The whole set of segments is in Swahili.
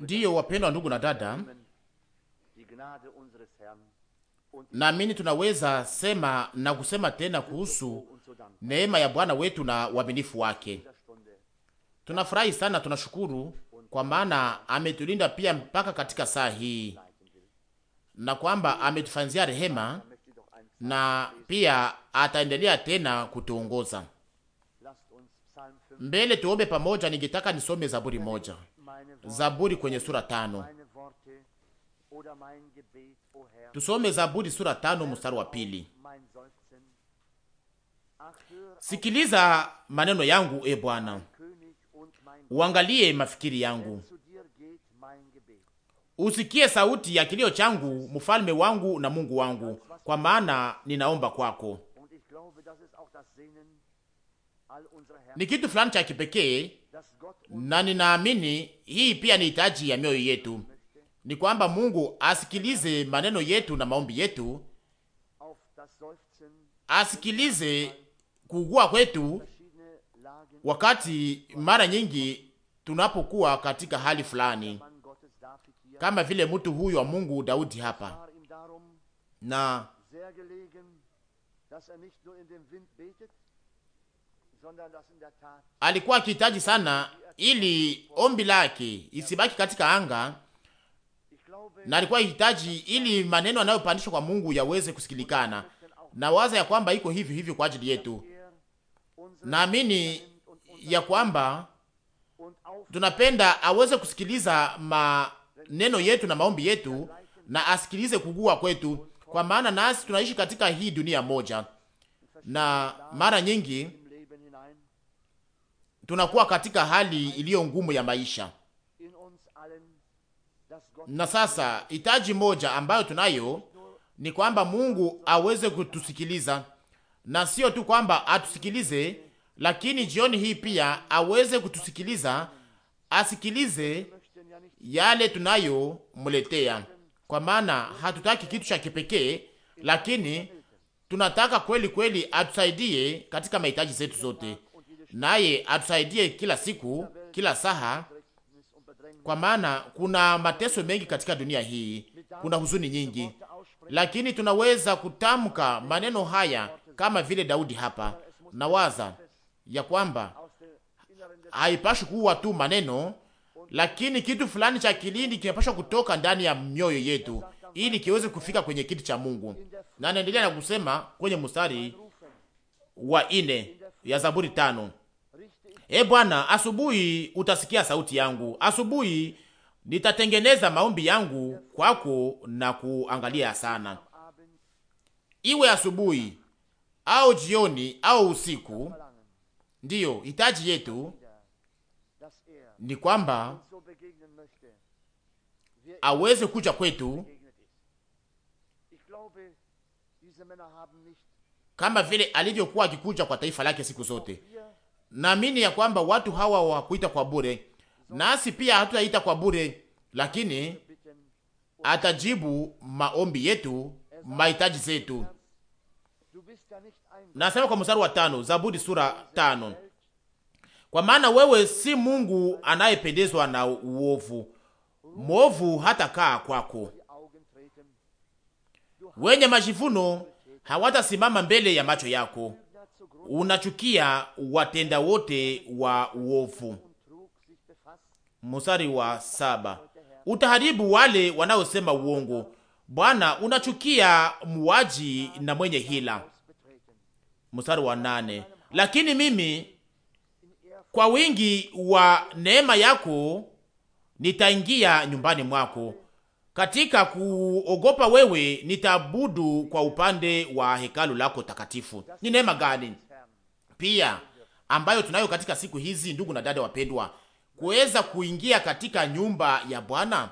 Ndiyo, wapendwa ndugu na dada, naamini tunaweza sema na kusema tena kuhusu neema ya Bwana wetu na uaminifu wake. Tunafurahi sana, tunashukuru kwa maana ametulinda pia mpaka katika saa hii na kwamba ametufanzia rehema na pia ataendelea tena kutuongoza. Mbele tuombe pamoja. Ningetaka nisome Zaburi moja, Zaburi kwenye sura tano. Tusome Zaburi sura tano mstari wa pili. Sikiliza maneno yangu, e Bwana, uangalie mafikiri yangu, usikie sauti ya kilio changu, mfalme wangu na Mungu wangu, kwa maana ninaomba kwako ni kitu fulani cha kipekee, na ninaamini hii pia ni hitaji ya mioyo yetu, ni kwamba Mungu asikilize maneno yetu na maombi yetu, asikilize kuugua kwetu, wakati mara nyingi tunapokuwa katika hali fulani, kama vile mtu huyu wa Mungu Daudi hapa na alikuwa akihitaji sana ili ombi lake isibaki katika anga, na alikuwa akihitaji ili maneno anayopandishwa kwa Mungu yaweze kusikilikana, na waza ya kwamba iko hivyo hivyo kwa ajili yetu. Naamini ya kwamba tunapenda aweze kusikiliza maneno yetu na maombi yetu, na asikilize kugua kwetu, kwa maana nasi tunaishi katika hii dunia moja, na mara nyingi tunakuwa katika hali iliyo ngumu ya maisha. Na sasa hitaji moja ambayo tunayo ni kwamba Mungu aweze kutusikiliza, na sio tu kwamba atusikilize, lakini jioni hii pia aweze kutusikiliza, asikilize yale tunayomletea, kwa maana hatutaki kitu cha kipekee, lakini tunataka kweli kweli atusaidie katika mahitaji zetu zote naye atusaidie kila siku, kila saha, kwa maana kuna mateso mengi katika dunia hii, kuna huzuni nyingi, lakini tunaweza kutamka maneno haya kama vile Daudi hapa. na waza ya kwamba haipashi kuwa tu maneno, lakini kitu fulani cha kilindi kinapashwa kutoka ndani ya mioyo yetu ili kiweze kufika kwenye kiti cha Mungu. Na anaendelea na kusema kwenye mstari wa ine ya Zaburi tano, E Bwana, asubuhi utasikia sauti yangu, asubuhi nitatengeneza maombi yangu kwako na kuangalia sana. Iwe asubuhi au jioni au usiku, ndiyo hitaji yetu ni kwamba aweze kuja kwetu kama vile alivyokuwa akikuja kwa taifa lake siku zote naamini ya kwamba watu hawa wakuita kwa bure, nasi pia hatutaita kwa bure, lakini atajibu maombi yetu, mahitaji zetu. Nasema kwa mstari wa tano, Zaburi sura tano, kwa maana wewe si Mungu anayependezwa na uovu, mwovu hata kaa kwako, wenye majivuno hawatasimama mbele ya macho yako unachukia watenda wote wa uovu. Musari wa saba, utaharibu wale wanaosema uongo. Bwana unachukia muwaji na mwenye hila. Musari wa nane, lakini mimi kwa wingi wa neema yako nitaingia nyumbani mwako, katika kuogopa wewe nitabudu kwa upande wa hekalu lako takatifu. Ni neema gani? pia ambayo tunayo katika siku hizi, ndugu na dada wapendwa, kuweza kuingia katika nyumba ya Bwana.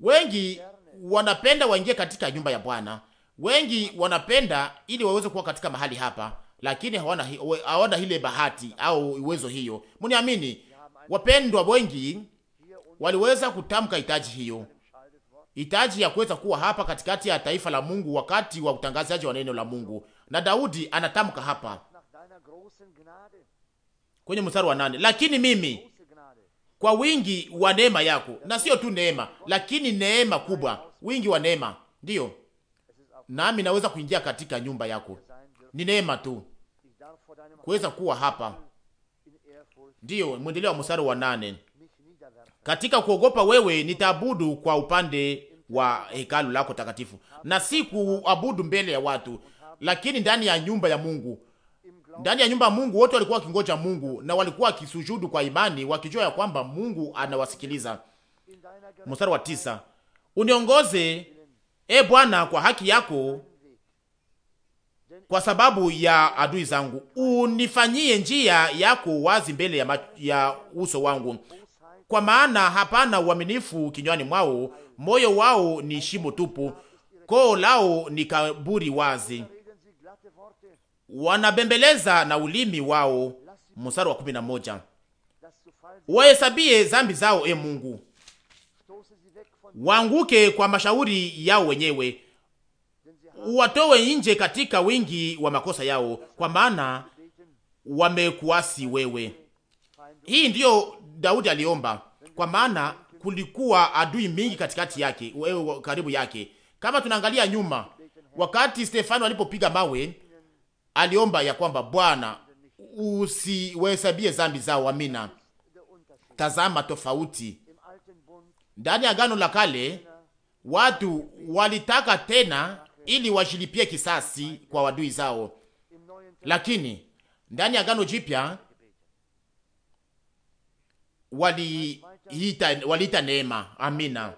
Wengi wanapenda waingie katika nyumba ya Bwana, wengi wanapenda ili waweze kuwa katika mahali hapa, lakini hawana hawana ile bahati au uwezo hiyo. Mniamini wapendwa, wengi waliweza kutamka hitaji hiyo, hitaji ya kuweza kuwa hapa katikati ya taifa la Mungu wakati wa utangazaji wa neno la Mungu, na Daudi anatamka hapa kwenye mstari wa nane, lakini mimi kwa wingi wa neema yako, na sio tu neema, lakini neema kubwa, wingi wa neema, ndiyo nami naweza kuingia katika nyumba yako. Ni neema tu kuweza kuwa hapa. Ndiyo mwendeleo wa mstari wa nane, katika kuogopa wewe nitaabudu kwa upande wa hekalu lako takatifu, na si kuabudu mbele ya watu, lakini ndani ya nyumba ya Mungu ndani ya nyumba ya Mungu wote walikuwa wakingoja Mungu na walikuwa wakisujudu kwa imani, wakijua ya kwamba Mungu anawasikiliza. Mstari wa tisa, uniongoze e Bwana kwa haki yako, kwa sababu ya adui zangu, unifanyie njia yako wazi mbele ya, ya uso wangu, kwa maana hapana uaminifu kinywani mwao, moyo wao ni shimo tupu, koo lao ni kaburi wazi wanabembeleza na ulimi wao. Mstari wa kumi na moja, wahesabie zambi zao, e Mungu, waanguke kwa mashauri yao wenyewe, watowe nje katika wingi wa makosa yao, kwa maana wamekuasi wewe. Hii ndiyo Daudi aliomba, kwa maana kulikuwa adui mingi katikati yake, e, karibu yake. Kama tunaangalia nyuma, wakati Stefano alipopiga mawe aliomba ya kwamba Bwana, usiwahesabie zambi zao. Amina. Tazama tofauti ndani ya Agano la Kale, watu walitaka tena ili wajilipie kisasi kwa wadui zao, lakini ndani ya Agano Jipya waliita wali neema. Amina.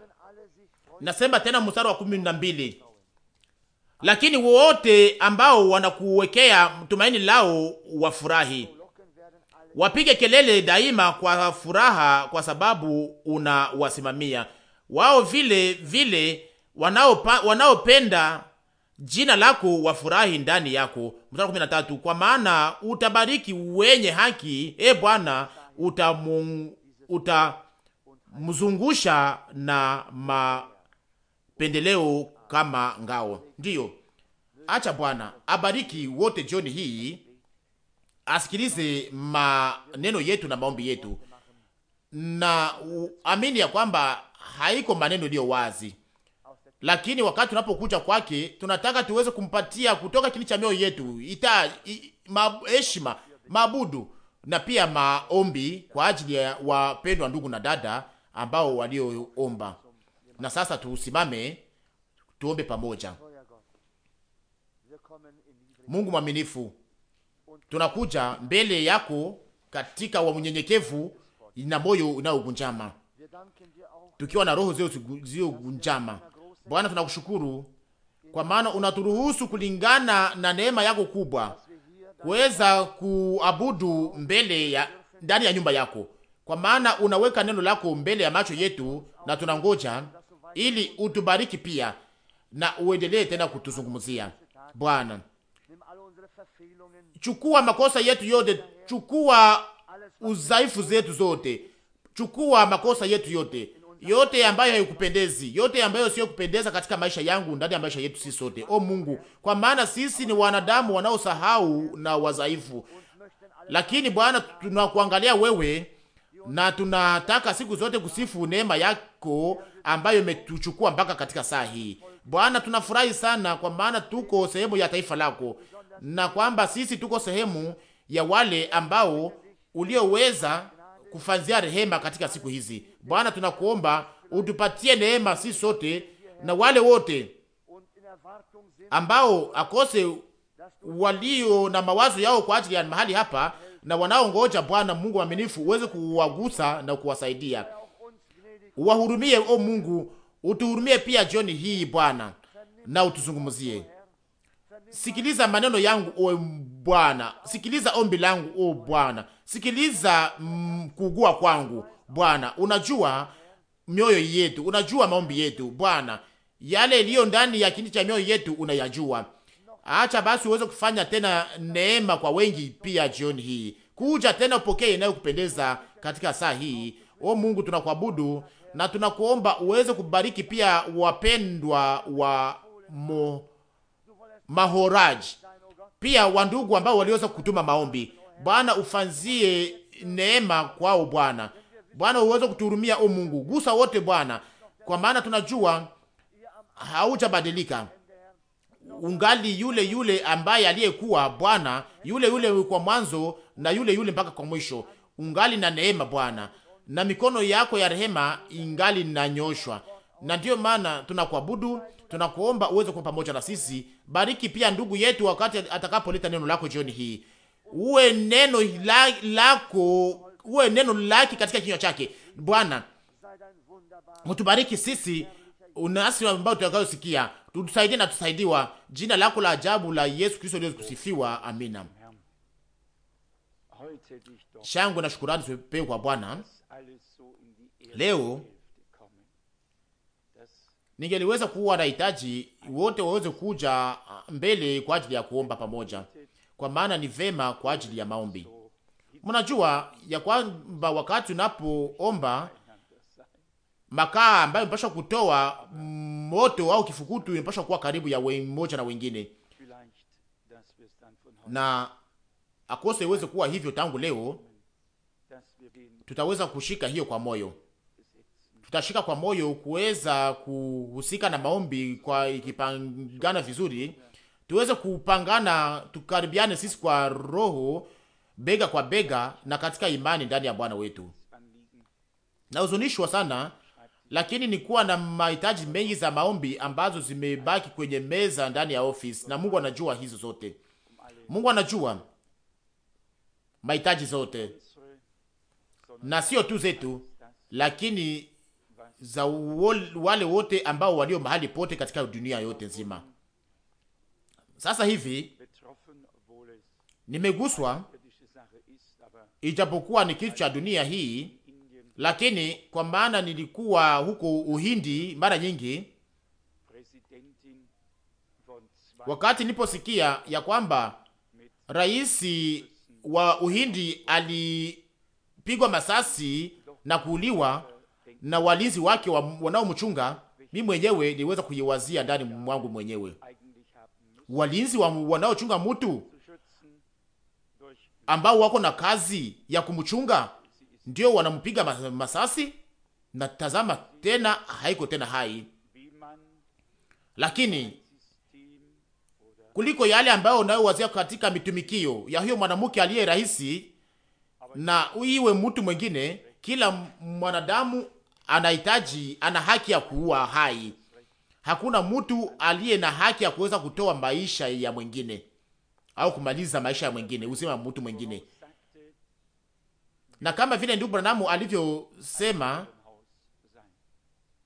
Nasema tena mstari wa kumi na mbili lakini wote ambao wanakuwekea tumaini lao wafurahi, wapige kelele daima kwa furaha, kwa sababu unawasimamia wao. Vile vile wanaopenda wanaopenda jina lako wafurahi ndani yako. Mstari kumi na tatu, kwa maana utabariki wenye haki, e Bwana, utamzungusha na mapendeleo kama ngao. Ndiyo, acha Bwana abariki wote jioni hii, asikilize maneno yetu na maombi yetu, na amini ya kwamba haiko maneno iliyo wazi, lakini wakati tunapokuja kwake, tunataka tuweze kumpatia kutoka kile cha mioyo yetu ita heshima mabudu na pia maombi kwa ajili ya wapendwa ndugu na dada ambao walioomba. Na sasa tusimame Tuombe pamoja. Mungu mwaminifu, tunakuja mbele yako katika wa unyenyekevu na moyo unaogunjama, tukiwa na roho ziogunjama Bwana, tunakushukuru kwa maana unaturuhusu kulingana na neema yako kubwa kuweza kuabudu mbele ya ndani ya nyumba yako, kwa maana unaweka neno lako mbele ya macho yetu, na tunangoja ili utubariki pia na uendelee tena kutuzungumzia Bwana. Chukua makosa yetu yote, chukua udhaifu zetu zote, chukua makosa yetu yote, yote ambayo haikupendezi, yote ambayo sio kupendeza katika maisha yangu, ndani ya maisha yetu sisi sote, o Mungu, kwa maana sisi ni wanadamu wanaosahau na wadhaifu, lakini Bwana, tunakuangalia wewe na tunataka siku zote kusifu neema yako ambayo imetuchukua mpaka katika saa hii. Bwana, tunafurahi sana kwa maana tuko sehemu ya taifa lako, na kwamba sisi tuko sehemu ya wale ambao ulioweza kufanzia rehema katika siku hizi. Bwana, tunakuomba utupatie neema sisi sote na wale wote ambao akose walio na mawazo yao kwa ajili ya mahali hapa na wanaongoja. Bwana Mungu mwaminifu, uweze kuwagusa na kuwasaidia, uwahurumie o Mungu, utuhurumie pia jioni hii Bwana, na utuzungumzie. Sikiliza maneno yangu o Bwana, sikiliza ombi langu o Bwana, sikiliza mm, kugua kwangu Bwana. Unajua mioyo yetu, unajua maombi yetu Bwana, yale iliyo ndani ya kindi cha mioyo yetu unayajua. Acha basi uweze kufanya tena neema kwa wengi pia jioni hii, kuja tena upokee inayokupendeza katika saa hii. O Mungu, tunakuabudu na tunakuomba uweze kubariki pia wapendwa wa mo, mahoraji pia wandugu ambao waliweza kutuma maombi. Bwana ufanzie neema kwao Bwana. Bwana uweze kutuhurumia, o Mungu, gusa wote Bwana, kwa maana tunajua haujabadilika ungali yule yule ambaye aliyekuwa Bwana, yule yule kwa mwanzo na yule yule mpaka kwa mwisho, ungali na neema Bwana na mikono yako ya rehema ingali inanyoshwa, na ndiyo maana tunakuabudu, tunakuomba uweze kuwa pamoja na sisi. Bariki pia ndugu yetu wakati atakapoleta neno lako jioni hii, uwe neno la, lako uwe neno lake katika kinywa chake. Bwana, utubariki sisi unasi ambao tutakayosikia, tutusaidie na tusaidiwa. Jina lako la ajabu la Yesu Kristo liweze kusifiwa, amina. Shangwe na shukurani zipewe kwa Bwana leo ningeliweza kuwa na hitaji wote waweze kuja ah, mbele kwa ajili ya kuomba pamoja, kwa maana ni vema kwa ajili ya maombi. Mnajua ya kwamba wakati unapoomba makaa ambayo mpasha kutoa moto au kifukutu inapaswa kuwa karibu ya mmoja na wengine, na akose iweze kuwa hivyo. Tangu leo tutaweza kushika hiyo kwa moyo tutashika kwa moyo kuweza kuhusika na maombi kwa ikipangana vizuri, tuweze kupangana, tukaribiane sisi kwa roho, bega kwa bega, na katika imani ndani ya Bwana wetu. Nahuzunishwa sana lakini ni kuwa na mahitaji mengi za maombi ambazo zimebaki kwenye meza ndani ya ofisi, na Mungu anajua hizo zote. Mungu anajua mahitaji zote na sio tu zetu, lakini za wale wote ambao walio mahali pote katika dunia yote nzima. Sasa hivi nimeguswa, ijapokuwa ni kitu cha dunia hii, lakini kwa maana nilikuwa huko Uhindi mara nyingi, wakati niliposikia ya kwamba raisi wa Uhindi alipigwa masasi na kuuliwa na walinzi wake wanaomchunga, mi mwenyewe niliweza kuiwazia ndani mwangu mwenyewe, walinzi wanaochunga mtu ambao wako na kazi ya kumchunga, ndio wanampiga masasi, na tazama tena haiko tena hai. Lakini kuliko yale ambayo unayowazia katika mitumikio ya huyo mwanamke aliye rahisi na iwe mtu mwengine, kila mwanadamu anahitaji, ana haki ya kuua hai. Hakuna mtu aliye na haki ya kuweza kutoa maisha ya mwingine au kumaliza maisha ya mwingine, uzima wa mtu mwingine. Na kama vile ndugu Branham alivyosema,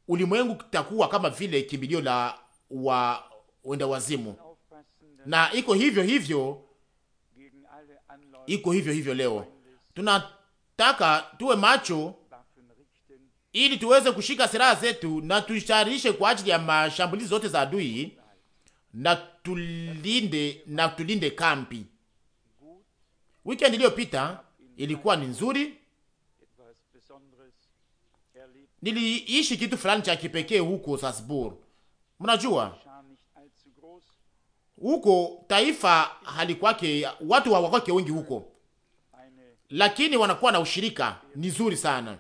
ulimwengu utakuwa kama vile kimbilio la wa wenda wazimu, na iko hivyo hivyo, iko hivyo hivyo leo. Tunataka tuwe macho ili tuweze kushika silaha zetu na tuisharishe kwa ajili ya mashambulizi zote za adui, na tulinde na tulinde kampi. Weekend iliyopita ilikuwa ni nzuri, niliishi kitu fulani cha kipekee huko Salzburg. Mnajua huko taifa halikwake watu hawakwake wengi huko, lakini wanakuwa na ushirika ni nzuri sana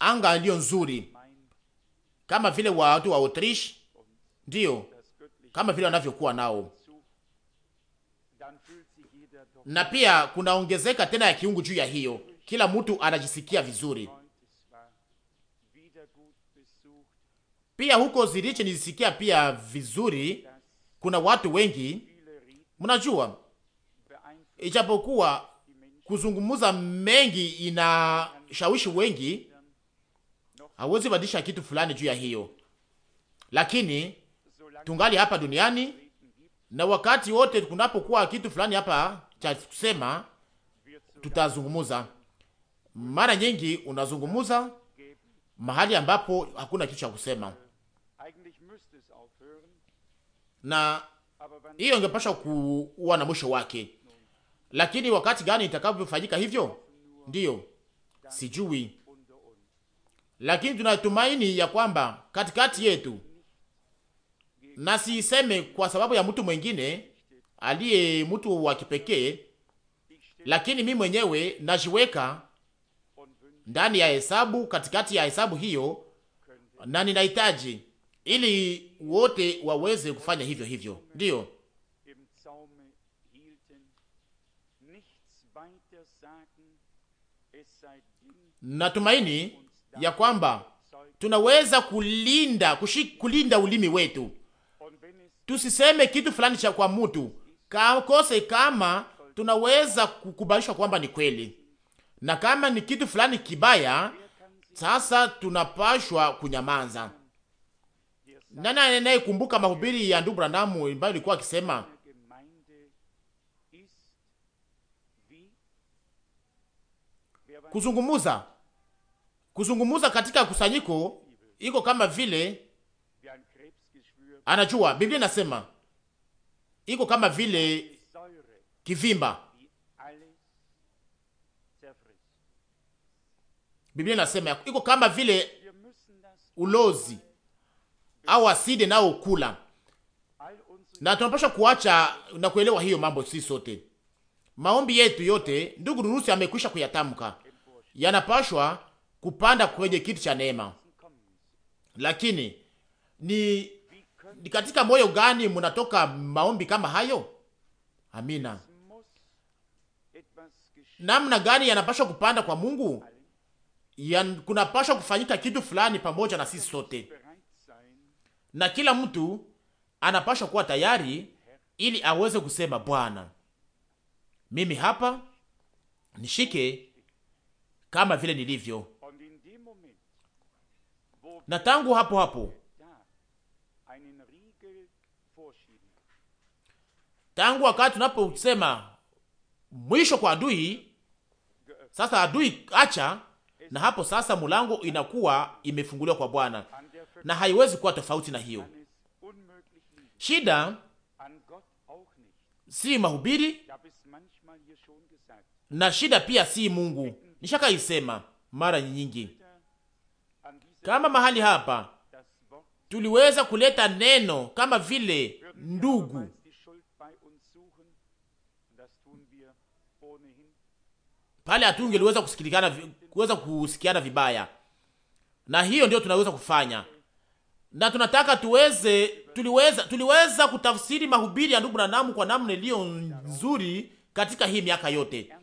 anga ndiyo nzuri, kama vile watu wa Autrish ndiyo kama vile wanavyokuwa nao, na pia kunaongezeka tena ya kiungu juu ya hiyo, kila mtu anajisikia vizuri. Pia huko zirichi nilisikia pia vizuri, kuna watu wengi mnajua, ijapokuwa kuzungumuza mengi inashawishi wengi hawezi badilisha kitu fulani juu ya hiyo, lakini tungali hapa duniani, na wakati wote kunapokuwa kitu fulani hapa cha kusema, tutazungumuza. Mara nyingi unazungumuza mahali ambapo hakuna kitu cha kusema, na hiyo ingepasha kuwa na mwisho wake. Lakini wakati gani itakavyofanyika hivyo, ndiyo sijui lakini tunatumaini ya kwamba katikati yetu, na siiseme kwa sababu ya mtu mwengine aliye mtu wa kipekee, lakini mi mwenyewe najiweka ndani ya hesabu, katikati ya hesabu hiyo, na ninahitaji ili wote waweze kufanya hivyo hivyo. Ndiyo natumaini ya kwamba tunaweza kulinda kushik, kulinda ulimi wetu tusiseme kitu fulani cha kwa mtu kakose, kama tunaweza kukubalishwa kwamba ni kweli, na kama ni kitu fulani kibaya, sasa tunapashwa kunyamaza. Nani anayekumbuka mahubiri ya ndugu Brandamu ambayo ilikuwa akisema kuzungumuza kuzungumuza katika kusanyiko iko kama vile anajua, Biblia inasema iko kama vile kivimba. Biblia inasema iko kama vile ulozi au aside nao ukula, na tunapaswa kuacha na kuelewa hiyo mambo. Si sote maombi yetu yote, ndugu Nurusi amekwisha kuyatamka, yanapashwa kupanda kwenye kiti cha neema. Lakini ni, ni katika moyo gani mnatoka maombi kama hayo? Amina. Namna gani yanapashwa kupanda kwa Mungu? Yan, kunapashwa kufanyika kitu fulani pamoja na sisi sote, na kila mtu anapashwa kuwa tayari ili aweze kusema Bwana, mimi hapa nishike kama vile nilivyo na tangu hapo hapo, tangu wakati tunaposema mwisho kwa adui, sasa adui acha, na hapo sasa mlango inakuwa imefunguliwa kwa Bwana, na haiwezi kuwa tofauti na hiyo. Shida si mahubiri na shida pia si Mungu. Nishaka isema mara nyingi kama mahali hapa tuliweza kuleta neno kama vile ndugu, pale liweza kusikilikana kuweza kusikiana vibaya, na hiyo ndio tunaweza kufanya, na tunataka tuweze, tuliweza tuliweza kutafsiri mahubiri ya ndugu Branham kwa namna iliyo nzuri katika hii miaka yote,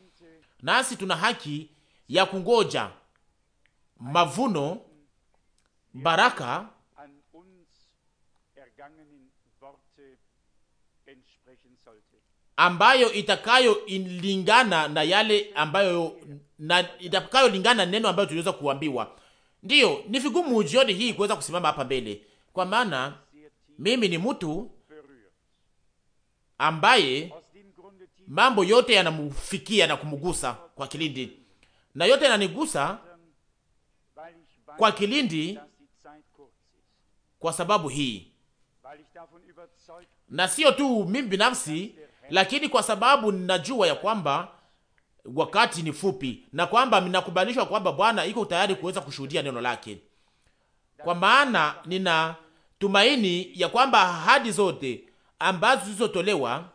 nasi tuna haki ya kungoja mavuno baraka ambayo itakayolingana na yale ambayo na itakayolingana neno ambayo tuliweza kuambiwa. Ndiyo, ni vigumu jioni hii kuweza kusimama hapa mbele, kwa maana mimi ni mtu ambaye mambo yote yanamufikia na kumugusa kwa kilindi, na yote yananigusa kwa kilindi kwa sababu hii, na sio tu mimi binafsi, lakini kwa sababu ninajua ya kwamba wakati ni fupi na kwamba ninakubalishwa kwamba Bwana iko tayari kuweza kushuhudia neno lake, kwa maana nina tumaini ya kwamba ahadi zote ambazo zilizotolewa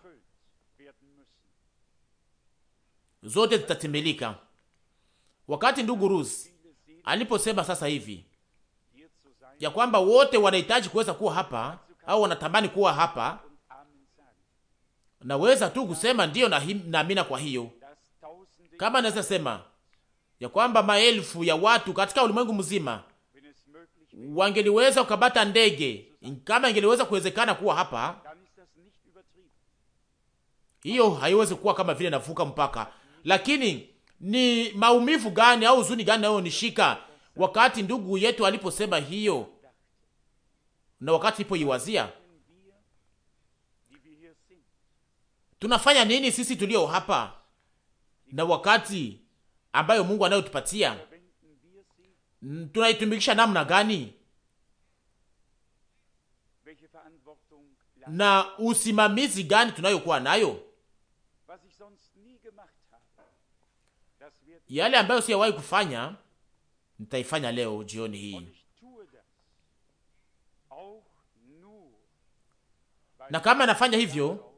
zote zitatimilika. Wakati ndugu rus aliposema sasa hivi ya kwamba wote wanahitaji kuweza kuwa hapa au wanatamani kuwa hapa, naweza tu kusema ndiyo na, Kwa hiyo kama naweza sema ya kwamba maelfu ya watu katika ulimwengu mzima wangeliweza kukabata ndege, kama ingeliweza kuwezekana kuwa hapa, hiyo haiwezi kuwa kama vile navuka mpaka. Lakini ni maumivu gani au huzuni gani nayo nishika Wakati ndugu yetu aliposema hiyo na wakati ipo iwazia, tunafanya nini sisi tulio hapa na wakati ambayo Mungu anayotupatia tunaitumikisha namna gani, na usimamizi gani tunayokuwa nayo? Yale ambayo siyawahi kufanya nitaifanya leo jioni hii, na kama nafanya hivyo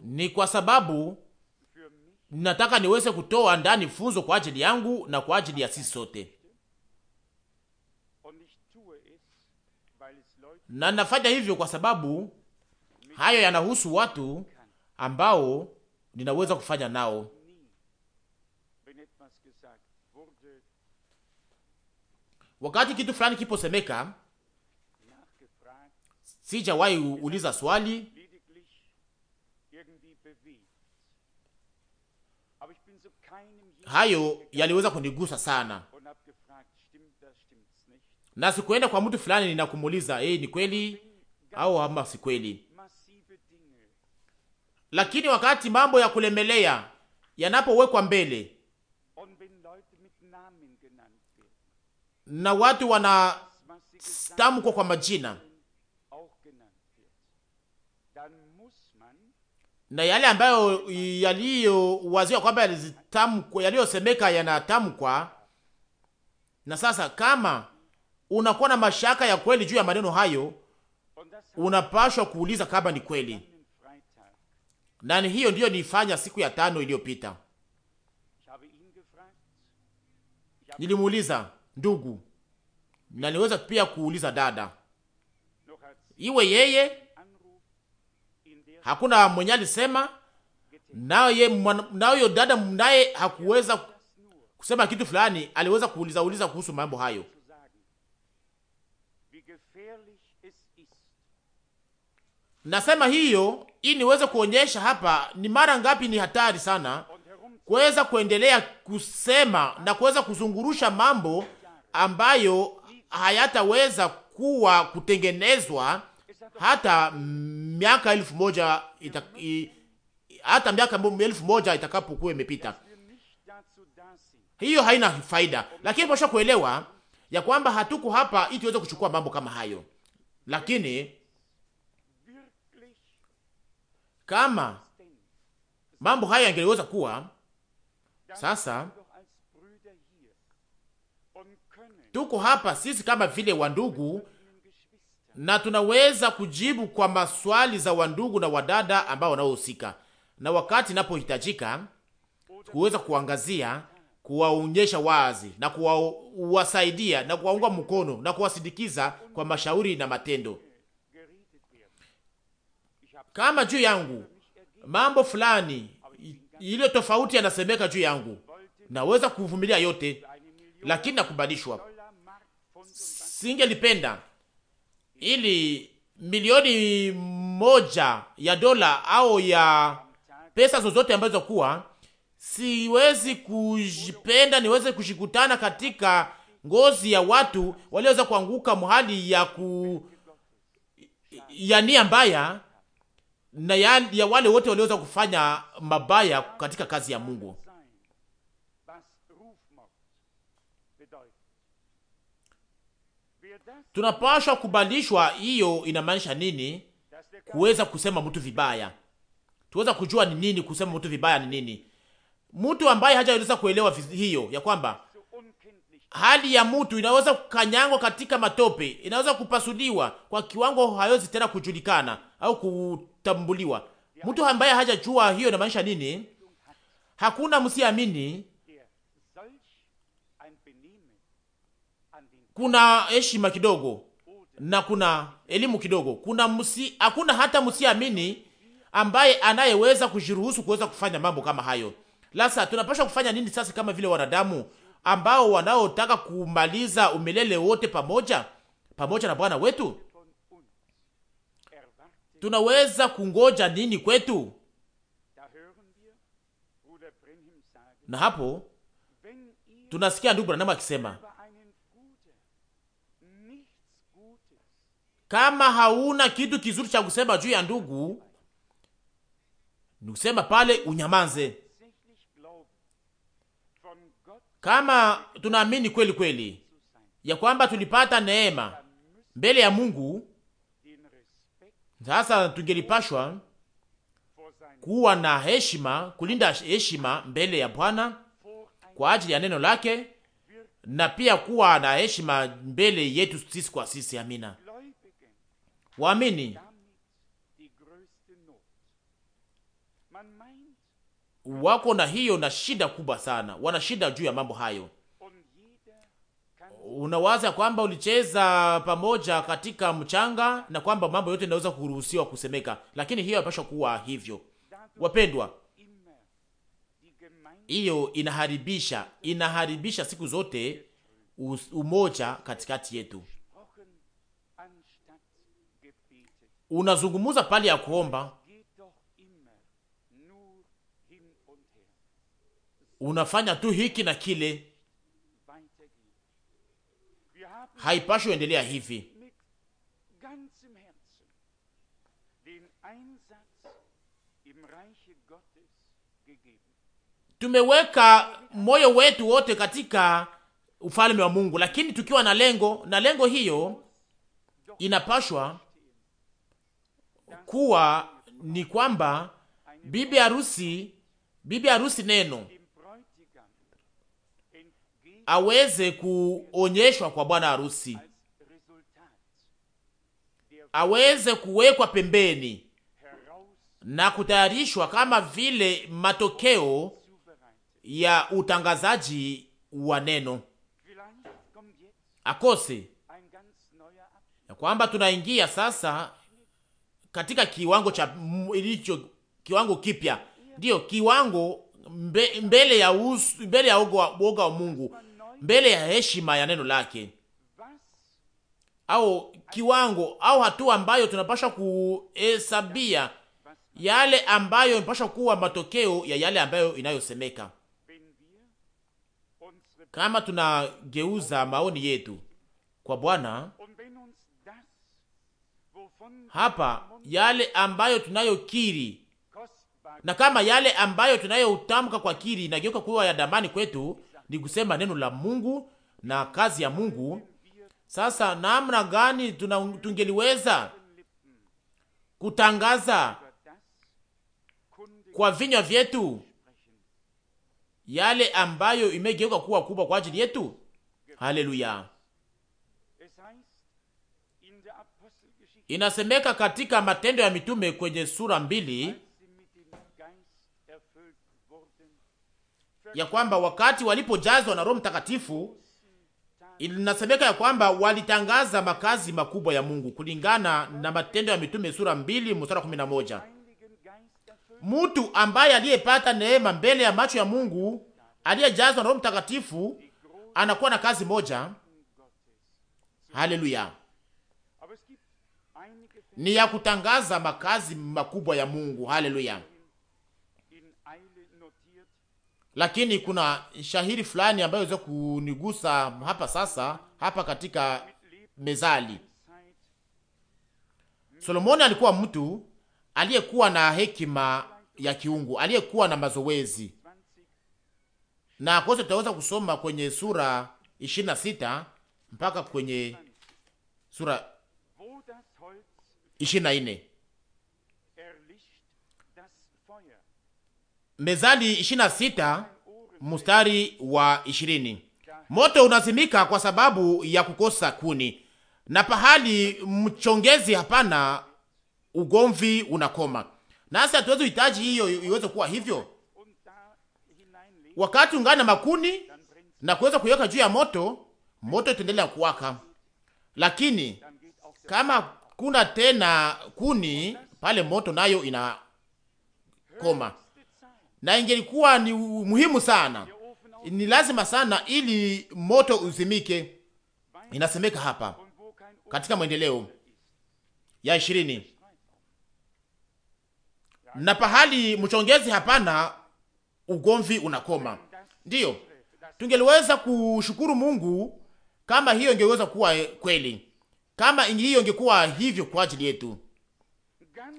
ni kwa sababu nataka niweze kutoa ndani funzo kwa ajili yangu na kwa ajili ya sisi sote, na nafanya hivyo kwa sababu hayo yanahusu watu ambao ninaweza kufanya nao Wakati kitu fulani kiposemeka, sijawahi uliza swali, hayo yaliweza kunigusa sana, na sikuenda kwa mtu fulani ninakumuuliza, eh, ni kweli au ama si kweli. Lakini wakati mambo ya kulemelea yanapowekwa mbele na watu wanatamkwa kwa majina na yale ambayo yaliyowaziwa kwamba yalizitamkwa, yaliyosemeka yanatamkwa. Na sasa kama unakuwa na mashaka ya kweli juu ya maneno hayo, unapashwa kuuliza kama ni kweli, na hiyo ndiyo nifanya siku ya tano iliyopita. Nilimuuliza ndugu, na niweza pia kuuliza dada, iwe yeye hakuna mwenye alisema naye, nayo dada naye hakuweza kusema kitu fulani, aliweza kuuliza uliza kuhusu mambo hayo. Nasema hiyo ili niweze kuonyesha hapa ni mara ngapi ni hatari sana kuweza kuendelea kusema na kuweza kuzungurusha mambo ambayo hayataweza kuwa kutengenezwa hata miaka elfu moja ita, i, hata miaka elfu moja itakapokuwa imepita. Hiyo haina faida, lakini pasha kuelewa ya kwamba hatuko hapa ili tuweze kuchukua mambo kama hayo, lakini kama mambo haya yangeweza kuwa sasa tuko hapa sisi kama vile wandugu na tunaweza kujibu kwa maswali za wandugu na wadada ambao wanaohusika, na wakati inapohitajika kuweza kuangazia, kuwaonyesha wazi na kuwasaidia na kuwaunga mkono na kuwasindikiza kwa mashauri na matendo. Kama juu yangu mambo fulani ile tofauti yanasemeka juu yangu, naweza kuvumilia yote, lakini nakubalishwa singelipenda ili milioni moja ya dola au ya pesa zozote ambazo kuwa siwezi kujipenda niweze kushikutana katika ngozi ya watu walioweza kuanguka mahali ya ku ya nia mbaya na ya, ya wale wote walioweza kufanya mabaya katika kazi ya Mungu. tunapashwa kubalishwa. Hiyo inamaanisha nini? Kuweza kusema mtu vibaya, tuweza kujua ni nini kusema mtu vibaya ni nini. Mtu ambaye hajaweza kuelewa hiyo ya kwamba hali ya mtu inaweza kukanyangwa katika matope, inaweza kupasuliwa kwa kiwango hayozi tena kujulikana au kutambuliwa. Mtu ambaye hajajua hiyo inamaanisha nini, hakuna msiamini kuna heshima kidogo na kuna elimu kidogo. Kuna musi, hakuna hata msiamini ambaye anayeweza kujiruhusu kuweza kufanya mambo kama hayo. Lasa tunapaswa kufanya nini sasa, kama vile wanadamu ambao wanaotaka kumaliza umelele wote pamoja pamoja na Bwana wetu? Tunaweza kungoja nini kwetu? Na hapo tunasikia ndugu Branham akisema Kama hauna kitu kizuri cha kusema juu ya ndugu, ni kusema pale unyamaze. Kama tunaamini kweli kweli ya kwamba tulipata neema mbele ya Mungu, sasa tungelipashwa kuwa na heshima, kulinda heshima mbele ya Bwana kwa ajili ya neno lake, na pia kuwa na heshima mbele yetu sisi kwa sisi. Amina waamini wako na hiyo na shida kubwa sana, wana shida juu ya mambo hayo. Unawaza kwamba ulicheza pamoja katika mchanga na kwamba mambo yote inaweza kuruhusiwa kusemeka, lakini hiyo yapashwa kuwa hivyo. Wapendwa, hiyo inaharibisha, inaharibisha siku zote umoja katikati yetu. unazungumuza pale ya kuomba, unafanya tu hiki na kile, haipashi endelea hivi. Tumeweka moyo wetu wote katika ufalme wa Mungu, lakini tukiwa na lengo, na lengo hiyo inapashwa kuwa ni kwamba bibi harusi, bibi harusi neno aweze kuonyeshwa kwa bwana harusi, aweze kuwekwa pembeni na kutayarishwa kama vile matokeo ya utangazaji wa neno akose, ya kwamba tunaingia sasa katika kiwango cha ilicho kiwango kipya, ndiyo kiwango mbe, mbele ya usu, mbele ya uoga wa Mungu, mbele ya heshima ya neno lake, au kiwango au hatua ambayo tunapasha kuhesabia yale ambayo inapasha kuwa matokeo ya yale ambayo inayosemeka. Kama tunageuza maoni yetu kwa Bwana hapa yale ambayo tunayokiri na kama yale ambayo tunayotamka kwa kiri inageuka kuwa ya damani kwetu, ni kusema neno la Mungu na kazi ya Mungu. Sasa namna gani tuna, tungeliweza kutangaza kwa vinywa vyetu yale ambayo imegeuka kuwa kubwa kwa ajili yetu? Haleluya! Inasemeka katika Matendo ya Mitume kwenye sura mbili ya kwamba wakati walipojazwa na Roho Mtakatifu, inasemeka ya kwamba walitangaza makazi makubwa ya Mungu kulingana na Matendo ya Mitume sura mbili mstari kumi na moja. Mtu ambaye aliyepata neema mbele ya macho ya Mungu, aliyejazwa na Roho Mtakatifu, anakuwa na kazi moja. Haleluya! ni ya kutangaza makazi makubwa ya Mungu. Haleluya! Lakini kuna shahiri fulani ambayo iweza kunigusa hapa sasa, hapa katika mezali. Solomoni alikuwa mtu aliyekuwa na hekima ya kiungu, aliyekuwa na mazoezi, na kose tutaweza kusoma kwenye sura 26 mpaka kwenye sura ishirini na nne Mezali ishirini na sita mstari wa ishirini moto unazimika kwa sababu ya kukosa kuni, na pahali mchongezi hapana, ugomvi unakoma. Nasi hatuwezi hitaji hiyo iweze kuwa hivyo, wakati ungana makuni na kuweza kuiweka juu ya moto, moto itaendelea kuwaka, lakini kama kuna tena kuni pale, moto nayo inakoma. Na ingelikuwa ni muhimu sana, ni lazima sana, ili moto uzimike. Inasemeka hapa katika mwendeleo ya ishirini na pahali mchongezi hapana, ugomvi unakoma. Ndiyo, tungeliweza kushukuru Mungu kama hiyo ingeweza kuwa eh, kweli, kama injili hiyo ingekuwa hivyo kwa ajili yetu,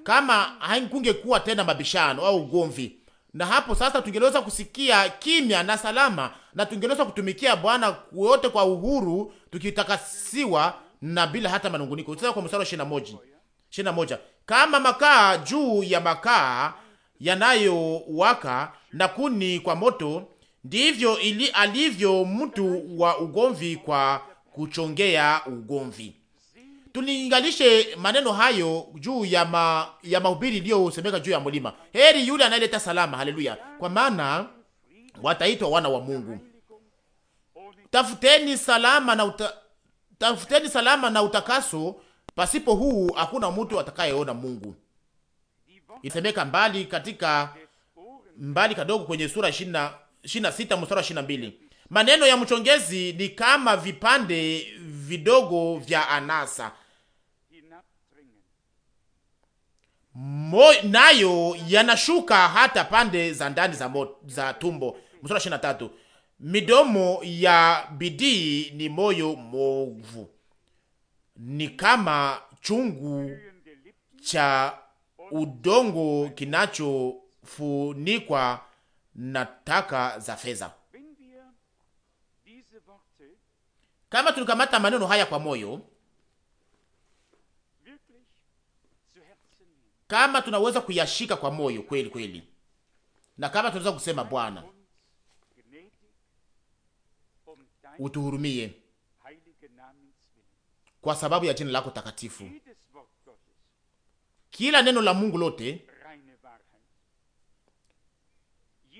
kama haingekuwa tena mabishano au ugomvi, na hapo sasa tungeweza kusikia kimya na salama, na tungeweza kutumikia Bwana wote kwa uhuru, tukitakasiwa na bila hata manunguniko. Sasa kwa mstari wa 21 21, kama makaa juu ya makaa yanayowaka na kuni kwa moto, ndivyo ili alivyo mtu wa ugomvi kwa kuchongea ugomvi tulinganishe maneno hayo juu ya, ma, ya mahubiri iliyosemeka juu ya mlima. Heri yule anayeleta salama, haleluya, kwa maana wataitwa wana wa Mungu. Tafuteni salama na uta, tafuteni salama na utakaso, pasipo huu hakuna mtu atakayeona Mungu. Isemeka mbali katika mbali kadogo kwenye sura 20 26 mstari wa 22. Maneno ya mchongezi ni kama vipande vidogo vya anasa mo, nayo yanashuka hata pande za ndani za, mo, za tumbo. Mstari ishirini na tatu midomo ya bidii ni moyo mwovu, ni kama chungu cha udongo kinachofunikwa na taka za fedha. Kama tulikamata maneno haya kwa moyo kama tunaweza kuyashika kwa moyo kweli kweli, na kama tunaweza kusema Bwana, utuhurumie kwa sababu ya jina lako takatifu. Kila neno la Mungu lote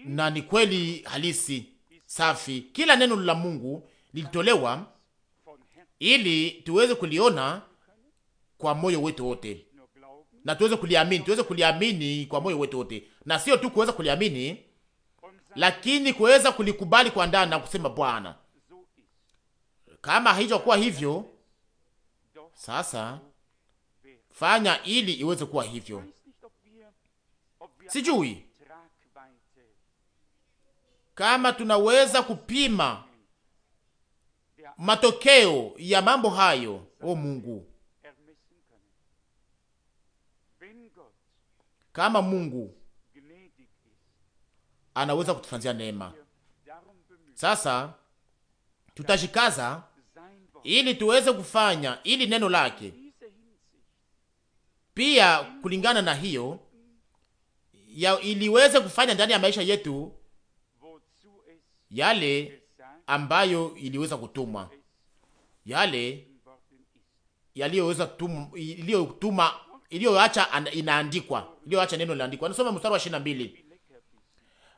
na ni kweli halisi safi. Kila neno la Mungu lilitolewa ili tuweze kuliona kwa moyo wetu wote na tuweze kuliamini, tuweze kuliamini kwa moyo wetu wote, na sio tu kuweza kuliamini, lakini kuweza kulikubali kwa ndani na kusema Bwana, kama haijakuwa hivyo sasa, fanya ili iweze kuwa hivyo. Sijui kama tunaweza kupima matokeo ya mambo hayo. O Mungu, Kama Mungu anaweza kutufanzia neema, sasa tutashikaza ili tuweze kufanya ili neno lake pia kulingana na hiyo ya iliweze kufanya ndani ya maisha yetu yale ambayo iliweza kutumwa, yale yaliyoweza kutuma iliyoacha inaandikwa, iliyoacha neno linaandikwa. Nasoma mstari wa 22,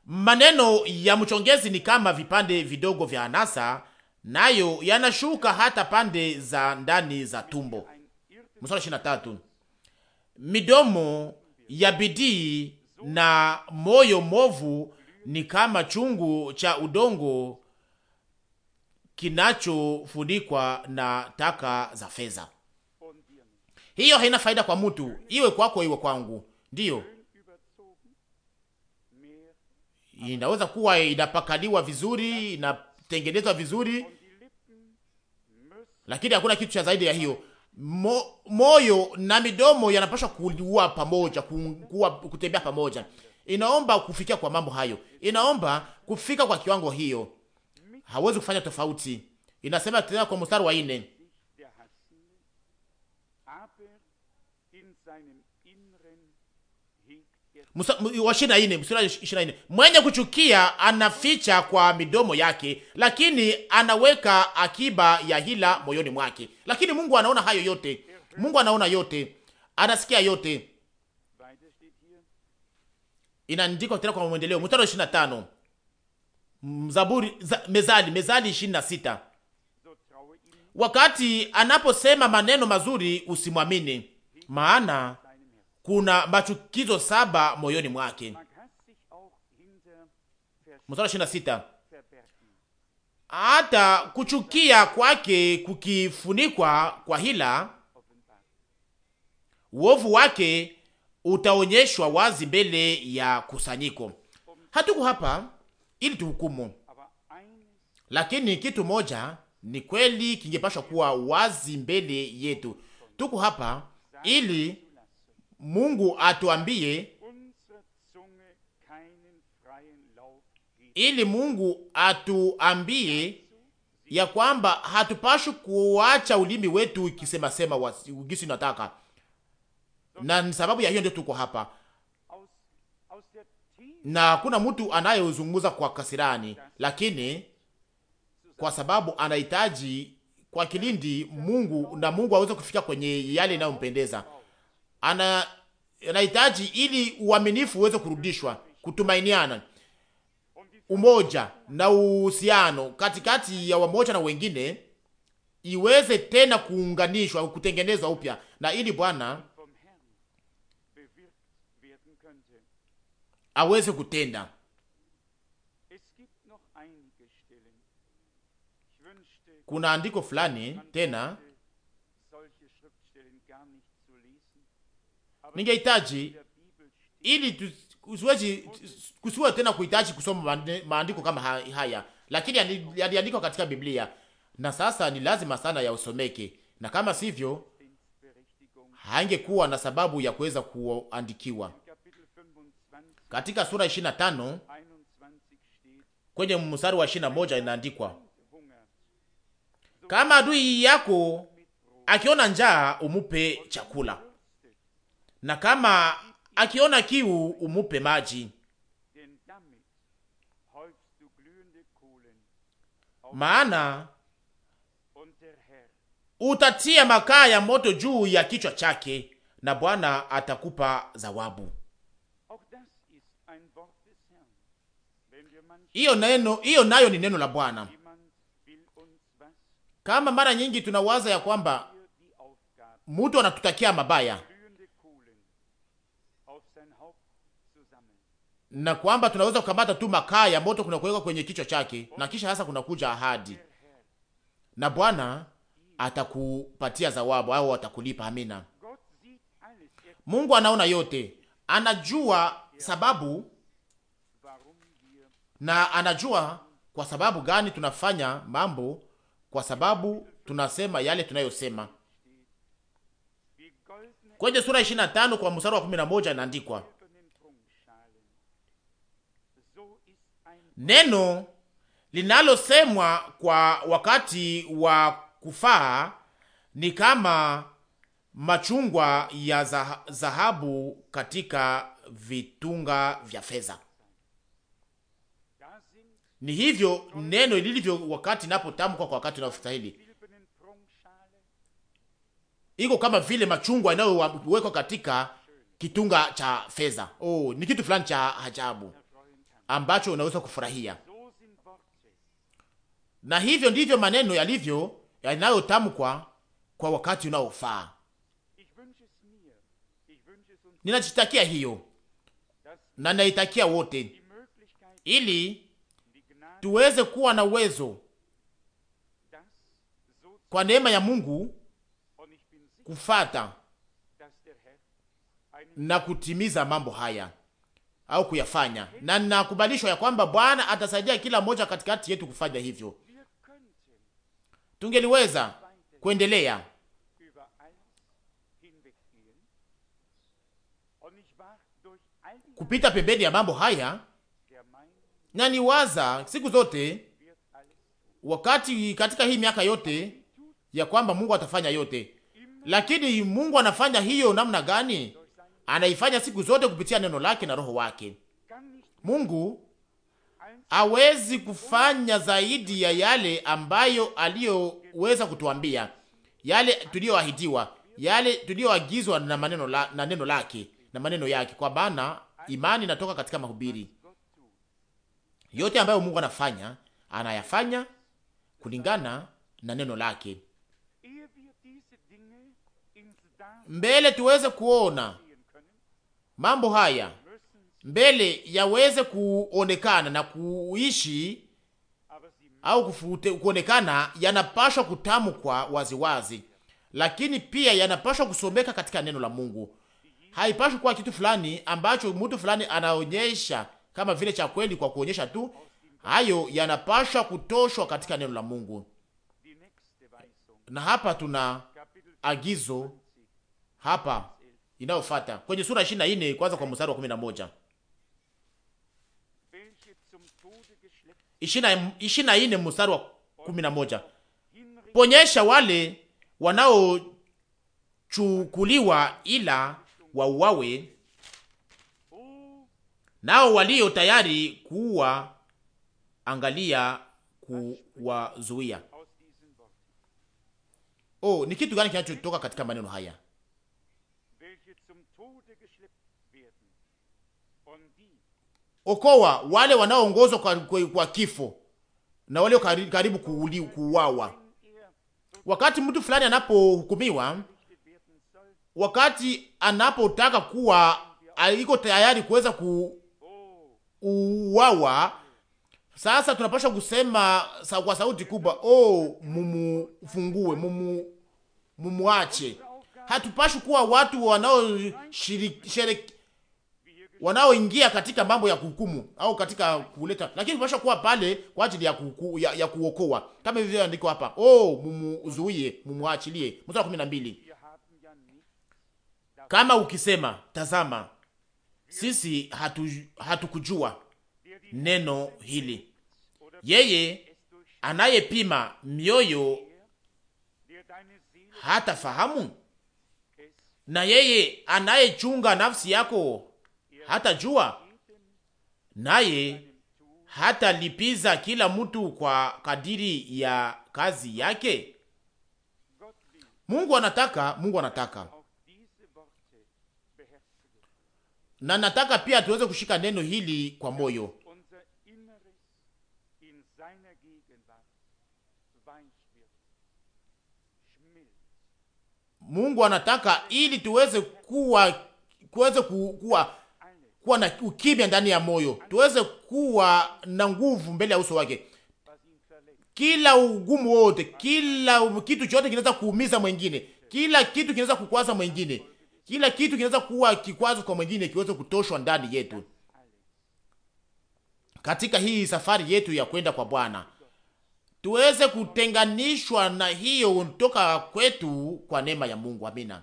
maneno ya mchongezi ni kama vipande vidogo vya anasa, nayo yanashuka hata pande za ndani za tumbo. Mstari wa 23, midomo ya bidii na moyo movu ni kama chungu cha udongo kinachofunikwa na taka za fedha. Hiyo haina faida kwa mtu, iwe kwako iwe kwangu. Ndiyo, inaweza kuwa inapakaliwa vizuri, inatengenezwa vizuri, lakini hakuna kitu cha zaidi ya hiyo. Mo, moyo na midomo yanapaswa kuwa pamoja, kuwa, kutembea pamoja. Inaomba kufikia kwa mambo hayo, inaomba kufika kwa kiwango hiyo, hawezi kufanya tofauti. Inasema tena kwa mstari wa nne ishirini na nne mwenye kuchukia anaficha kwa midomo yake, lakini anaweka akiba ya hila moyoni mwake. Lakini Mungu anaona hayo yote, Mungu anaona yote, anasikia yote. Inaandikwa tena kwa mwendeleo, mstari ishirini na tano Mzaburi, Mezali, Mezali ishirini na sita wakati anaposema maneno mazuri usimwamini, maana kuna machukizo saba moyoni mwake. Mstari ishirini na sita hata kuchukia kwake kukifunikwa kwa hila, uovu wake utaonyeshwa wazi mbele ya kusanyiko. Hatuko hapa ili tuhukumu, lakini kitu moja ni kweli kingepashwa kuwa wazi mbele yetu. Tuko hapa ili Mungu atuambie, ili Mungu atuambie ya kwamba hatupashi kuacha ulimi wetu ikisemasema gisi nataka, na ni sababu ya hiyo ndio tuko hapa, na kuna mtu anayezungumza kwa kasirani, lakini kwa sababu anahitaji kwa kilindi Mungu na Mungu aweze kufika kwenye yale inayompendeza ana anahitaji ili uaminifu uweze kurudishwa, kutumainiana, umoja na uhusiano katikati ya wamoja na wengine iweze tena kuunganishwa, kutengenezwa upya, na ili Bwana aweze kutenda. Kuna andiko fulani tena ningehitaji ili usiwezi kusiwe tena kuhitaji kusoma maandiko kama haya, lakini yaliandikwa katika Biblia na sasa ni lazima sana yausomeke, na kama sivyo haingekuwa na sababu ya kuweza kuandikiwa. Katika sura 25 kwenye mstari wa 21 inaandikwa kama adui yako akiona njaa umupe chakula, na kama akiona kiu umupe maji, maana utatia makaa ya moto juu ya kichwa chake, na Bwana atakupa zawabu. Hiyo neno hiyo nayo ni neno la Bwana. Kama mara nyingi tunawaza ya kwamba mtu anatutakia mabaya na kwamba tunaweza kukamata tu makaa ya moto kuna kuweka kwenye kichwa chake, na kisha sasa kuja ahadi na Bwana atakupatia zawabu au atakulipa. Amina. Mungu anaona yote, anajua sababu na anajua kwa sababu gani tunafanya mambo, kwa sababu tunasema yale tunayosema. Kwenye sura 25 kwa mstari wa 11 inaandikwa neno linalosemwa kwa wakati wa kufaa ni kama machungwa ya dhahabu katika vitunga vya fedha. Ni hivyo neno lilivyo wakati inapotamkwa kwa wakati unaostahili, iko kama vile machungwa inayowekwa katika kitunga cha fedha. Oh, ni kitu fulani cha ajabu ambacho unaweza kufurahia. Na hivyo ndivyo maneno yalivyo yanayotamkwa kwa wakati unaofaa. Ninajitakia hiyo na naitakia wote, ili tuweze kuwa na uwezo kwa neema ya Mungu kufata na kutimiza mambo haya au kuyafanya, na ninakubalishwa ya kwamba Bwana atasaidia kila mmoja katikati yetu kufanya hivyo. Tungeliweza kuendelea kupita pembeni ya mambo haya, na niwaza siku zote, wakati katika hii miaka yote, ya kwamba Mungu atafanya yote. Lakini Mungu anafanya hiyo namna gani? anaifanya siku zote kupitia neno lake na roho wake. Mungu hawezi kufanya zaidi ya yale ambayo aliyoweza kutuambia, yale tuliyoahidiwa, yale tuliyoagizwa na maneno la, na neno lake na maneno yake, kwa maana imani inatoka katika mahubiri. Yote ambayo Mungu anafanya anayafanya kulingana na neno lake. Mbele tuweze kuona mambo haya mbele yaweze kuonekana na kuishi au kufute, kuonekana yanapashwa kutamkwa waziwazi, lakini pia yanapashwa kusomeka katika neno la Mungu. Haipashwi kuwa kitu fulani ambacho mtu fulani anaonyesha kama vile cha kweli kwa kuonyesha tu. Hayo yanapashwa kutoshwa katika neno la Mungu, na hapa tuna agizo hapa inayofuata kwenye sura 24 kwanza kwa mstari wa 11. 24 mstari wa moja ponyesha wale wanaochukuliwa ila wauawe, nao walio tayari kuua angalia kuwazuia. Oh, ni kitu gani kinachotoka katika maneno haya? okoa wale wanaoongozwa kwa, kwa kifo na wale karibu kuuawa. Wakati mtu fulani anapohukumiwa, wakati anapotaka kuwa iko tayari kuweza kuuawa, sasa tunapasha kusema kwa sauti kubwa, oh, mumufungue, mumu mumuache. Hatupashi kuwa watu wanaoshiriki wanaoingia katika mambo ya kuhukumu au katika kuleta, lakini tunapaswa kuwa pale kwa ajili ya, kuku, ya, ya kuokoa kama hivyo andiko hapa. Oh, mumuzuie mumuachilie. Mstari wa 12, kama ukisema tazama, sisi hatu hatukujua neno hili, yeye anayepima mioyo hatafahamu? Na yeye anayechunga nafsi yako jua naye hatalipiza kila mtu kwa kadiri ya kazi yake. Mungu anataka, Mungu anataka, na nataka pia tuweze kushika neno hili kwa moyo Mungu anataka ili tuweze kuwa kuweze kuwa kuwa na ukimya ndani ya moyo, tuweze kuwa na nguvu mbele ya uso wake. Kila ugumu wote, kila kitu chote kinaweza kuumiza mwengine, kila kitu kinaweza kukwaza mwengine, kila kitu kinaweza kuwa kikwazo kwa mwengine, kiweze kutoshwa ndani yetu katika hii safari yetu ya kwenda kwa Bwana tuweze kutenganishwa na hiyo kutoka kwetu kwa neema ya Mungu. Amina.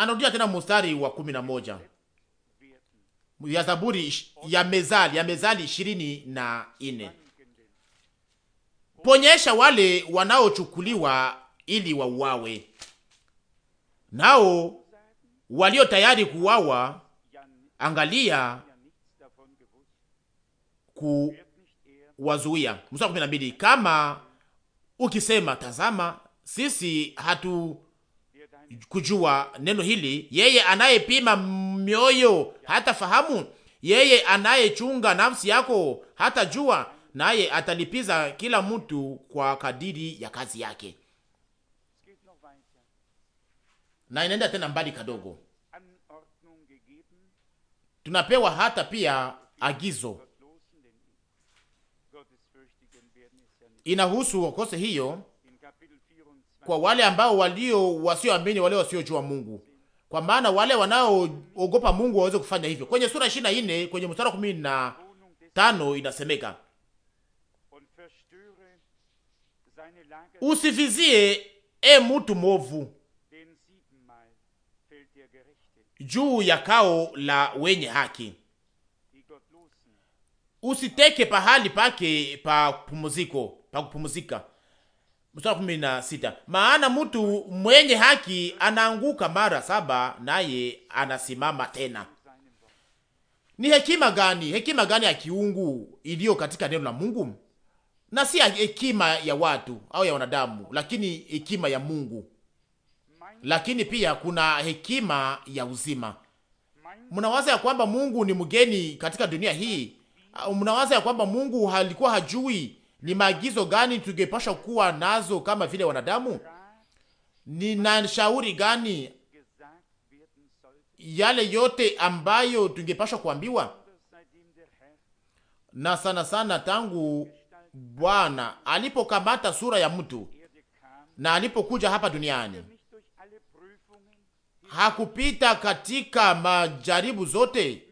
Anarudia tena mstari wa kumi na moja ya Zaburi ya Mezali ya Mezali ishirini na nne ponyesha wale wanaochukuliwa ili wauawe, nao walio tayari kuuawa, angalia kuwazuia. Mstari wa kumi na mbili kama ukisema, tazama sisi hatu kujua neno hili, yeye anayepima mioyo hata fahamu, yeye anayechunga nafsi yako hata jua, naye atalipiza kila mtu kwa kadiri ya kazi yake. Na inaenda tena mbali kadogo, tunapewa hata pia agizo inahusu wakose hiyo kwa wale ambao walio wasioamini, wale wasiojua Mungu, kwa maana wale wanaoogopa Mungu waweze kufanya hivyo. Kwenye sura 24 kwenye mstari wa tano inasemeka, usivizie e mtu mwovu juu ya kao la wenye haki, usiteke pahali pake pa pumuziko pa kupumuzika mstari kumi na sita maana mtu mwenye haki anaanguka mara saba naye anasimama tena. Ni hekima gani? Hekima gani ya kiungu iliyo katika neno la Mungu, na si hekima ya watu au ya wanadamu, lakini hekima ya Mungu. Lakini pia kuna hekima ya uzima. Mnawaza ya kwamba Mungu ni mgeni katika dunia hii? Mnawaza ya kwamba Mungu alikuwa hajui ni maagizo gani tungepasha kuwa nazo kama vile wanadamu? Nina shauri gani yale yote ambayo tungepasha kuambiwa? Na sana sana tangu Bwana alipokamata sura ya mtu na alipokuja hapa duniani, hakupita katika majaribu zote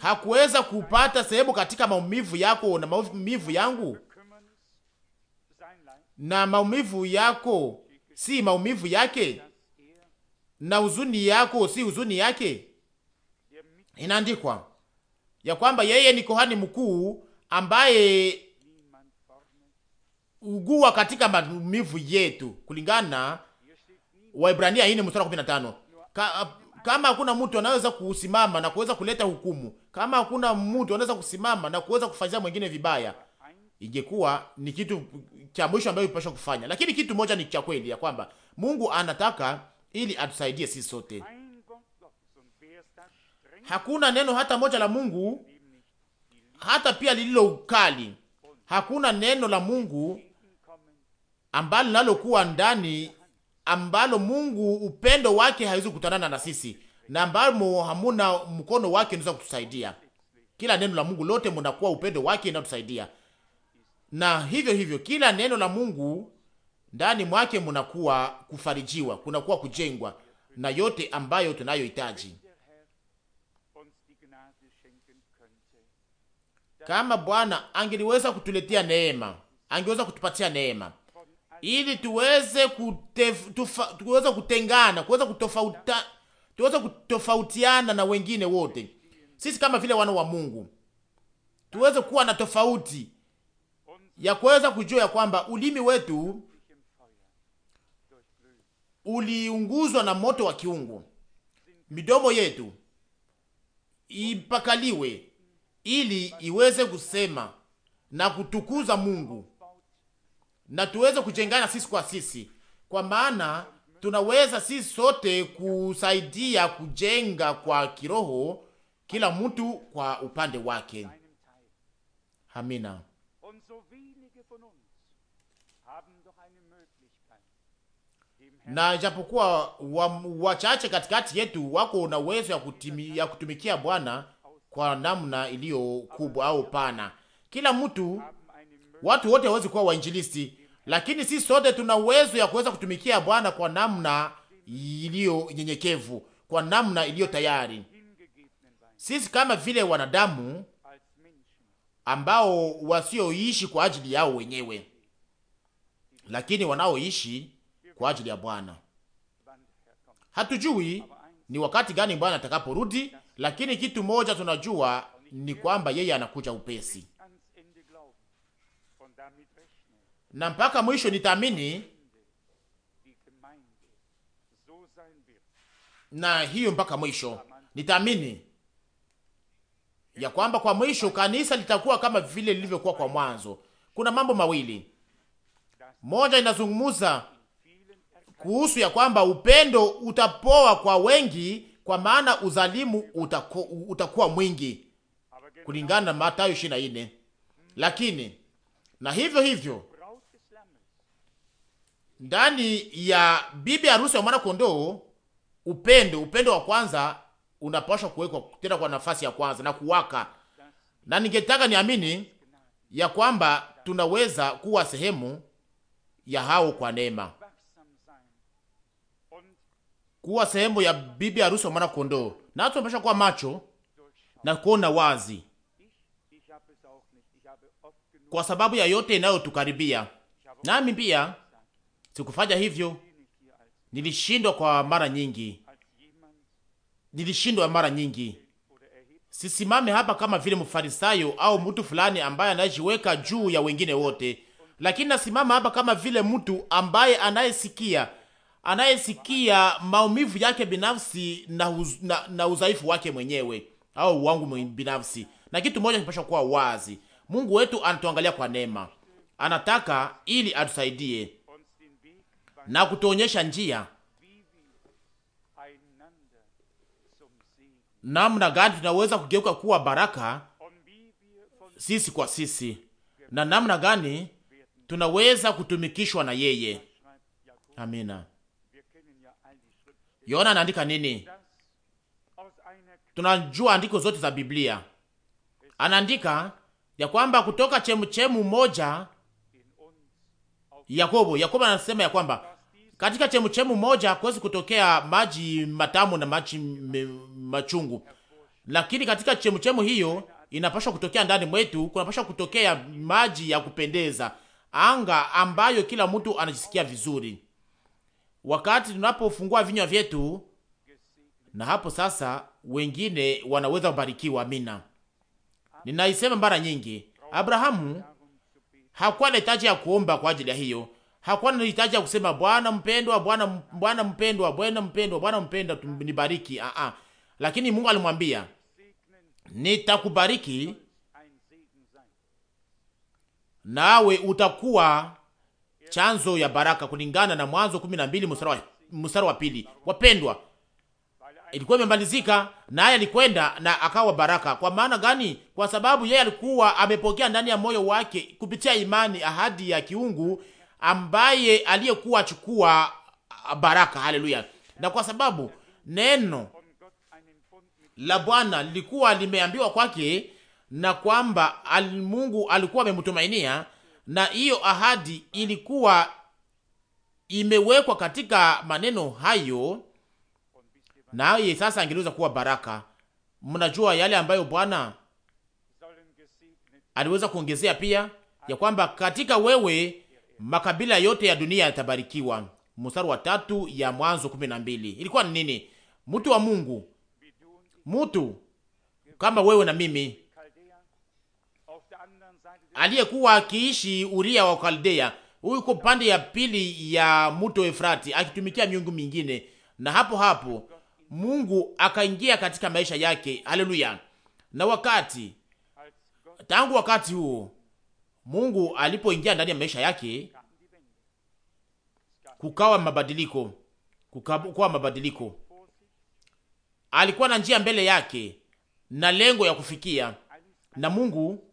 hakuweza kupata sehemu katika maumivu yako na maumivu yangu? Na maumivu yako si maumivu yake, na huzuni yako si huzuni yake? Inaandikwa ya kwamba yeye ni kohani mkuu ambaye ugua katika maumivu yetu, kulingana Waibrania 4 mstari wa 15. Ka, kama hakuna mtu anaweza kusimama na kuweza kuleta hukumu kama hakuna mtu anaweza kusimama na kuweza kufanyia mwingine vibaya, ingekuwa ni kitu cha mwisho ambayo ipasha kufanya. Lakini kitu moja ni cha kweli ya kwamba Mungu anataka ili atusaidie sisi sote. Hakuna neno hata moja la Mungu hata pia lililo ukali. Hakuna neno la Mungu ambalo linalokuwa ndani ambalo Mungu upendo wake hawezi kutanana na sisi na ambamo hamuna mkono wake unaweza kutusaidia. Kila neno la Mungu lote mnakuwa upendo wake inatusaidia, na hivyo hivyo kila neno la Mungu ndani mwake mnakuwa kufarijiwa, kunakuwa kujengwa na yote ambayo tunayohitaji. Kama Bwana angeliweza kutuletea neema, angeweza kutupatia neema ili tuweze kutef, tufa, tuweze kutengana, kuweza kutofauta tuweze kutofautiana na wengine wote. Sisi kama vile wana wa Mungu tuweze kuwa na tofauti ya kuweza kujua ya kwamba ulimi wetu uliunguzwa na moto wa kiungu, midomo yetu ipakaliwe ili iweze kusema na kutukuza Mungu na tuweze kujengana sisi kwa sisi, kwa maana tunaweza si sote kusaidia kujenga kwa kiroho, kila mtu kwa upande wake. Amina. Na japokuwa wachache katikati yetu wako na uwezo ya, ya kutumikia Bwana kwa namna iliyo kubwa au pana, kila mtu, watu wote hawezi kuwa wainjilisti, lakini sisi sote tuna uwezo ya kuweza kutumikia Bwana kwa namna iliyo nyenyekevu, kwa namna iliyo tayari. Sisi kama vile wanadamu ambao wasioishi kwa ajili yao wenyewe, lakini wanaoishi kwa ajili ya Bwana. Hatujui ni wakati gani Bwana atakaporudi, lakini kitu moja tunajua ni kwamba yeye anakuja upesi. na mpaka mwisho nitaamini, na hiyo mpaka mwisho nitaamini ya kwamba kwa mwisho kanisa litakuwa kama vile lilivyokuwa kwa mwanzo. Kuna mambo mawili, moja inazungumza kuhusu ya kwamba upendo utapoa kwa wengi, kwa maana uzalimu utaku, utakuwa mwingi kulingana na Mathayo 24. Lakini na hivyo hivyo ndani ya bibi harusi wa mwana kondoo, upendo, upendo wa kwanza unapaswa kuwekwa tena kwa nafasi ya kwanza na kuwaka, na ningetaka niamini ya kwamba tunaweza kuwa sehemu ya hao kwa neema, kuwa sehemu ya bibi harusi wa mwana kondoo, na watu kuwa macho na kuona wazi kwa sababu ya yote inayotukaribia. Nami pia Sikufanya hivyo, nilishindwa kwa mara nyingi, nilishindwa mara nyingi. Sisimame hapa kama vile mfarisayo au mtu fulani ambaye anajiweka juu ya wengine wote, lakini nasimama hapa kama vile mtu ambaye anayesikia anayesikia maumivu yake binafsi na, uz, na, na uzaifu wake mwenyewe au wangu binafsi. Na kitu moja kipasha kuwa wazi, Mungu wetu anatuangalia kwa neema, anataka ili atusaidie na kutuonyesha njia namna gani tunaweza kugeuka kuwa baraka sisi kwa sisi, na namna gani tunaweza kutumikishwa na yeye. Amina. Yona anaandika nini? Tunajua andiko zote za Biblia. Anaandika ya kwamba kutoka chemuchemu moja Yakobo, Yakobo anasema ya kwamba katika chemuchemu moja hakuwezi kutokea maji matamu na maji machungu, lakini katika chemuchemu hiyo inapashwa kutokea ndani mwetu, kunapashwa kutokea maji ya kupendeza, anga ambayo kila mtu anajisikia vizuri wakati tunapofungua vinywa vyetu, na hapo sasa wengine wanaweza kubarikiwa. Amina. Ninaisema mara nyingi, Abrahamu hakuwa na hitaji ya kuomba kwa ajili ya hiyo hakuwa na hitaji ya kusema Bwana mpendwa, Bwana Bwana mpendwa, Bwana mpendwa, Bwana mpendwa, nibariki. Ah ah, lakini Mungu alimwambia nitakubariki, nawe utakuwa chanzo ya baraka, kulingana na Mwanzo 12 mstari wa mstari wa pili. Wapendwa, ilikuwa imemalizika naye, alikwenda na akawa baraka. Kwa maana gani? Kwa sababu yeye alikuwa amepokea ndani ya moyo wake kupitia imani ahadi ya kiungu ambaye aliyekuwa achukua ah, baraka. Haleluya! Na kwa sababu neno la Bwana lilikuwa limeambiwa kwake na kwamba Mungu alikuwa amemtumainia, na hiyo ahadi ilikuwa imewekwa katika maneno hayo, naye sasa angeliweza kuwa baraka. Mnajua yale ambayo Bwana aliweza kuongezea pia ya kwamba katika wewe makabila yote ya dunia yatabarikiwa. Mstari wa tatu ya Mwanzo kumi na mbili ilikuwa ni nini? Mtu wa Mungu, mtu kama wewe na mimi, aliyekuwa akiishi Uria wa Kaldea, huyu uko pande ya pili ya mto Efrati akitumikia miungu mingine, na hapo hapo Mungu akaingia katika maisha yake. Haleluya! Na wakati tangu wakati huo Mungu alipoingia ndani ya maisha yake, kukawa mabadiliko, kukawa mabadiliko. Alikuwa na njia mbele yake na lengo ya kufikia, na Mungu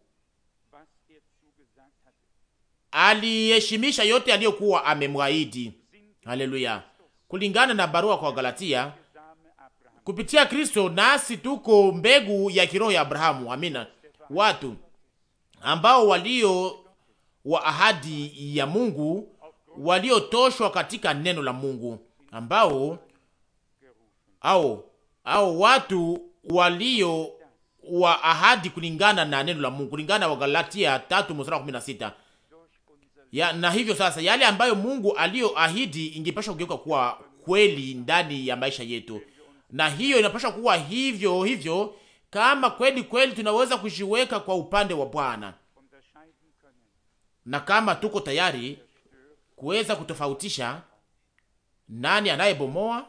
aliheshimisha yote aliyokuwa amemwahidi. Haleluya! Kulingana na barua kwa Galatia, kupitia Kristo nasi tuko mbegu ya kiroho ya Abrahamu. Amina, watu ambao walio wa ahadi ya Mungu, waliotoshwa katika neno la Mungu, ambao au au watu walio wa ahadi kulingana na neno la Mungu, kulingana wa Galatia 3:16. Ya, na hivyo sasa yale ambayo Mungu aliyoahidi ingepasha kugeuka kuwa kweli ndani ya maisha yetu, na hiyo inapasha kuwa hivyo hivyo kama kweli kweli tunaweza kujiweka kwa upande wa Bwana na kama tuko tayari kuweza kutofautisha nani anayebomoa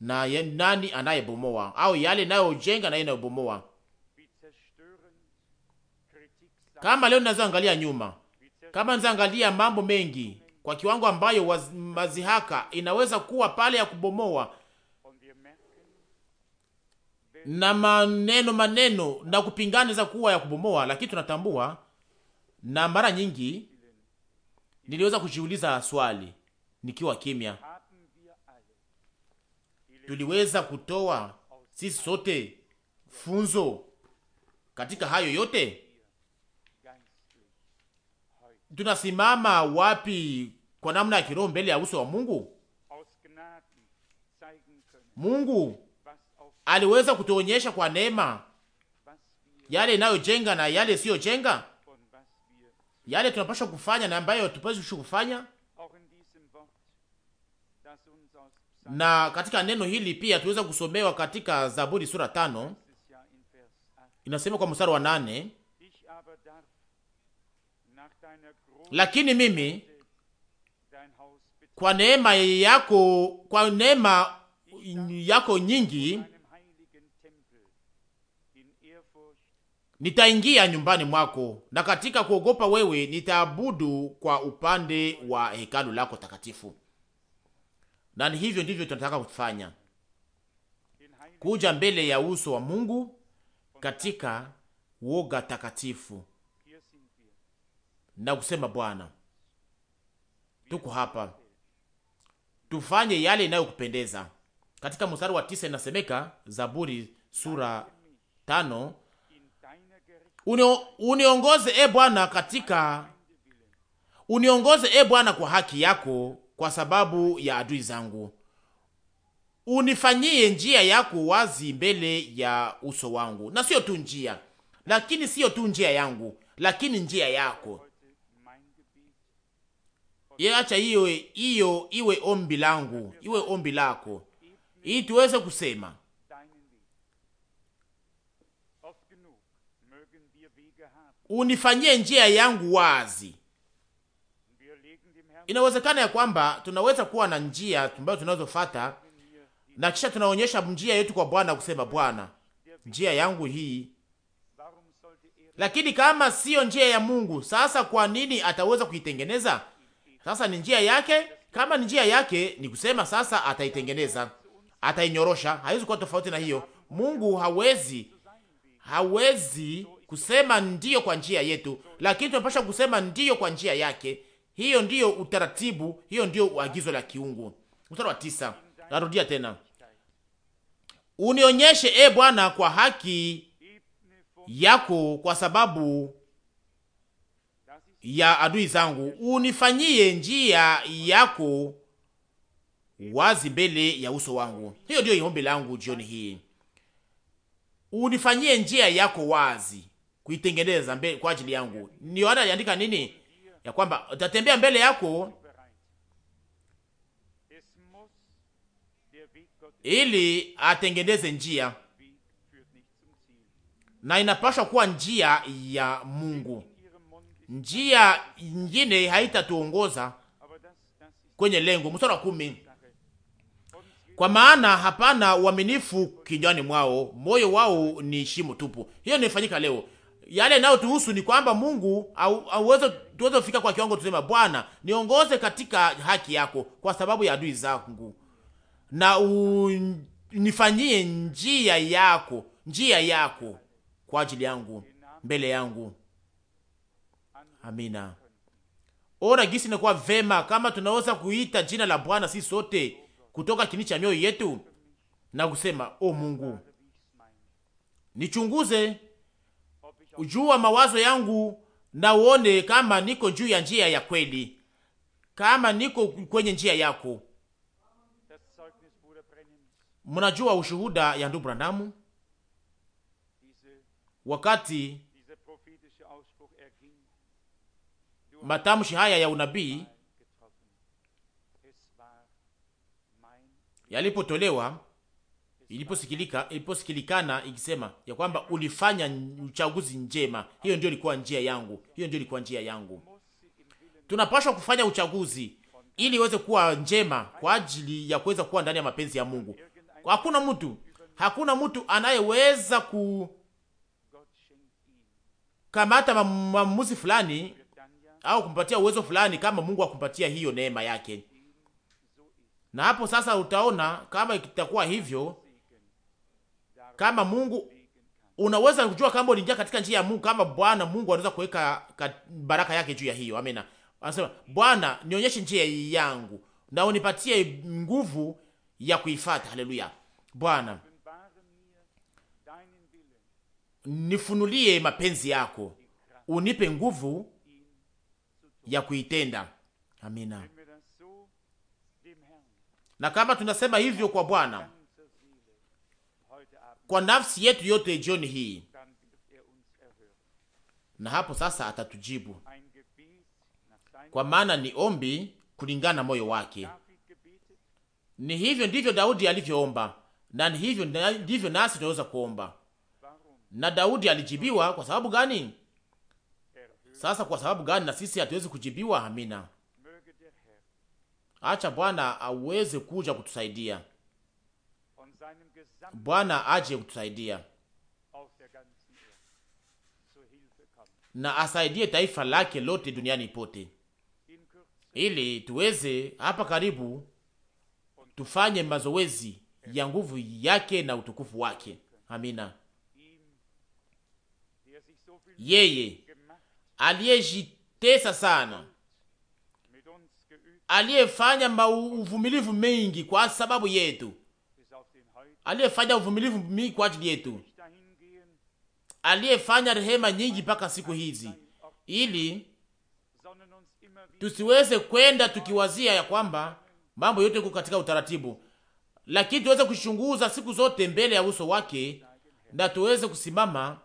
na nani anayebomoa au yale nayojenga na yale nayobomoa. Kama leo angalia nyuma, kama angalia mambo mengi kwa kiwango ambayo mazihaka inaweza kuwa pale ya kubomoa na maneno maneno na kupingana za kuwa ya kubomoa, lakini tunatambua, na mara nyingi niliweza kujiuliza swali nikiwa kimya, tuliweza kutoa sisi sote funzo katika hayo yote? Tunasimama wapi kwa namna ya kiroho mbele ya uso wa Mungu? Mungu aliweza kutuonyesha kwa neema yale inayojenga na yale isiyojenga, yale tunapaswa kufanya na ambayo hatupaswi kufanya. Na katika neno hili pia tuweza kusomewa katika Zaburi sura tano inasema kwa mstari wa nane lakini mimi kwa neema yako, kwa neema yako nyingi nitaingia nyumbani mwako, na katika kuogopa wewe nitaabudu kwa upande wa hekalu lako takatifu. Na hivyo ndivyo tunataka kufanya, kuja mbele ya uso wa Mungu katika woga takatifu na kusema, Bwana, tuko hapa, tufanye yale inayokupendeza. Katika mstari wa tisa inasemeka, Zaburi sura tano uniongoze e Bwana katika uniongoze e Bwana kwa haki yako, kwa sababu ya adui zangu. Unifanyie njia yako wazi mbele ya uso wangu, na sio tu njia, lakini sio tu njia yangu, lakini njia yako. Acha hiyo hiyo iwe ombi langu, iwe ombi lako, ili tuweze kusema unifanyie njia yangu wazi. Inawezekana ya kwamba tunaweza kuwa na njia ambayo tunazofuata na kisha tunaonyesha njia yetu kwa Bwana kusema, Bwana, njia yangu hii. Lakini kama siyo njia ya Mungu, sasa kwa nini ataweza kuitengeneza? Sasa ni njia yake. Kama ni njia yake, ni kusema sasa ataitengeneza, atainyorosha. Haiwezi kuwa tofauti na hiyo. Mungu hawezi hawezi kusema ndiyo kwa njia yetu, lakini tunapasha kusema ndiyo kwa njia yake. Hiyo ndiyo utaratibu, hiyo ndiyo agizo la kiungu. Mstari wa tisa, narudia tena, unionyeshe e Bwana kwa haki yako, kwa sababu ya adui zangu, unifanyie njia yako wazi mbele ya uso wangu. Hiyo ndiyo ombi langu jioni hii, unifanyie njia yako wazi kuitengeneza mbele kwa ajili yangu. Ni Yohana aliandika nini? Ya kwamba utatembea mbele yako ili atengeneze njia, na inapaswa kuwa njia ya Mungu. Njia nyingine haitatuongoza kwenye lengo. Mstari wa kumi, kwa maana hapana uaminifu kinywani mwao, moyo wao ni shimo tupu. Hiyo inafanyika leo yale tuhusu ni kwamba Mungu auweze tuweze kufika kwa kiwango tusema, Bwana niongoze katika haki yako kwa sababu ya adui zangu, na unifanyie njia yako, njia yako kwa ajili yangu mbele yangu. Amina. Ora gisi nakuwa vema kama tunaweza kuita jina la Bwana si sote kutoka kini cha mioyo yetu na kusema, o Mungu nichunguze jua mawazo yangu na uone kama niko juu ya njia ya kweli, kama niko kwenye njia yako. Mnajua ushuhuda ya ndugu Brandamu wakati matamshi haya ya unabii yalipotolewa iliposikilikana iliposikilikana ikisema ya kwamba ulifanya uchaguzi njema. Hiyo ndio ilikuwa njia yangu, hiyo ndio ilikuwa njia yangu. Tunapaswa kufanya uchaguzi ili iweze kuwa njema kwa ajili ya kuweza kuwa ndani ya mapenzi ya Mungu. Hakuna mtu, hakuna mtu anayeweza kukamata maamuzi fulani au kumpatia uwezo fulani kama Mungu akumpatia hiyo neema yake. Na hapo sasa utaona kama itakuwa hivyo kama Mungu unaweza kujua kama uliingia katika njia ya Mungu, kama Bwana Mungu anaweza kuweka baraka yake juu ya hiyo. Amina. Anasema, Bwana nionyeshe njia yangu na unipatie nguvu ya kuifuata. Haleluya. Bwana nifunulie mapenzi yako, unipe nguvu ya kuitenda. Amina. Na kama tunasema hivyo kwa Bwana kwa nafsi yetu yote jioni hii, na hapo sasa atatujibu, kwa maana ni ombi kulingana na moyo wake. Ni hivyo ndivyo Daudi alivyoomba, na ni hivyo ndivyo nasi tunaweza kuomba. Na Daudi alijibiwa kwa sababu gani? Sasa kwa sababu gani na sisi hatuwezi kujibiwa? Amina. Acha Bwana aweze kuja kutusaidia. Bwana aje kutusaidia na asaidie taifa lake lote duniani pote, ili tuweze hapa karibu tufanye mazoezi ya nguvu yake na utukufu wake. Amina. Yeye aliyejitesa sana, aliyefanya mauvumilivu mengi kwa sababu yetu, aliyefanya uvumilivu mingi kwa ajili yetu, aliyefanya rehema nyingi mpaka siku hizi, ili tusiweze kwenda tukiwazia ya kwamba mambo yote yuko katika utaratibu, lakini tuweze kushunguza siku zote mbele ya uso wake na tuweze kusimama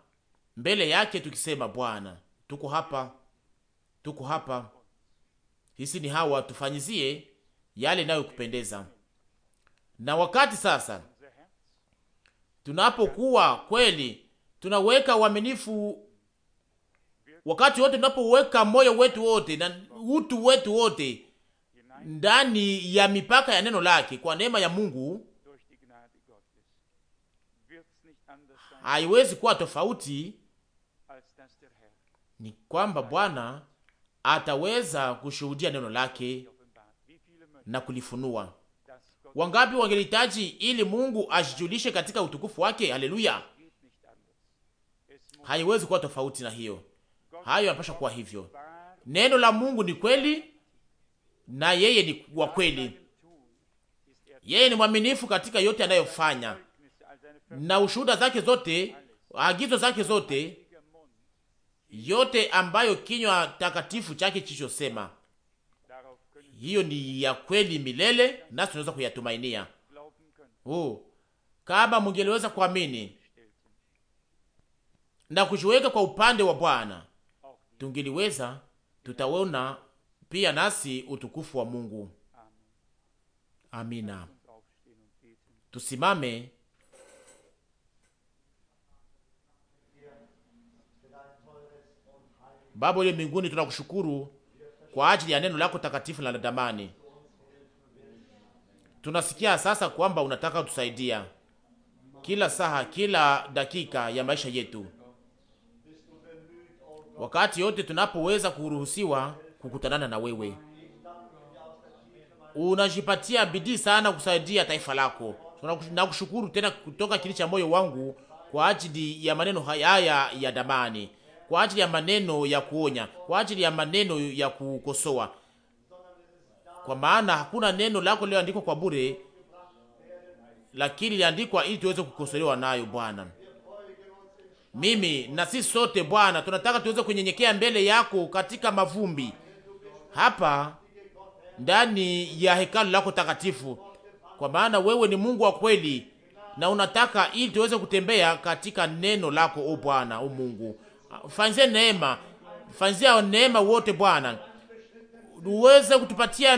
mbele yake tukisema, Bwana, tuko hapa, tuko hapa, sisi ni hawa, tufanyizie yale nayo kupendeza. Na wakati sasa Tunapokuwa kweli, tunaweka uaminifu wakati wote, tunapoweka moyo wetu wote na utu wetu wote ndani ya mipaka ya neno lake, kwa neema ya Mungu haiwezi kuwa tofauti. Ni kwamba Bwana ataweza kushuhudia neno lake na kulifunua. Wangapi wangelihitaji ili Mungu ajijulishe katika utukufu wake? Haleluya! Haiwezi kuwa tofauti na hiyo, hayo yanapaswa kuwa hivyo. Neno la Mungu ni kweli na yeye ni wa kweli. Yeye ni mwaminifu katika yote anayofanya, na ushuhuda zake zote, agizo zake zote, yote ambayo kinywa takatifu chake chichosema hiyo ni ya kweli milele, nasi tunaweza kuyatumainia. Oh, kama mungeliweza kuamini na kujiweka kwa upande wa Bwana, tungeliweza tutaona pia nasi utukufu wa Mungu. Amina. Tusimame Baba uliye mbinguni, tunakushukuru kwa ajili ya neno lako takatifu na la damani. Tunasikia sasa kwamba unataka kutusaidia kila saha, kila dakika ya maisha yetu, wakati yote tunapoweza kuruhusiwa kukutanana na wewe. Unajipatia bidii sana kusaidia taifa lako. nakushukuru tena kutoka kili cha moyo wangu kwa ajili ya maneno haya ya damani kwa ajili ya maneno ya kuonya, kwa ajili ya maneno ya kukosoa, kwa maana hakuna neno lako lililoandikwa kwa bure, lakini liandikwa ili tuweze kukosolewa nayo, Bwana. Mimi na sisi sote Bwana, tunataka tuweze kunyenyekea mbele yako katika mavumbi hapa ndani ya hekalu lako takatifu, kwa maana wewe ni Mungu wa kweli na unataka ili tuweze kutembea katika neno lako, o Bwana, o Mungu fanyia neema, fanzia neema wote Bwana, uweze kutupatia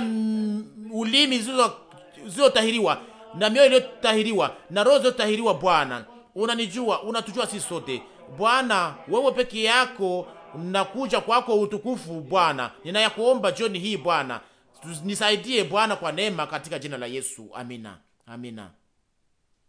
ulimi zilizotahiriwa na mioyo iliyotahiriwa na roho zilizotahiriwa. Bwana, unanijua, unatujua sisi sote Bwana, wewe peke yako nakuja kwako utukufu Bwana, ninayakuomba jioni hii Bwana, nisaidie Bwana kwa neema katika jina la Yesu, amina, amina.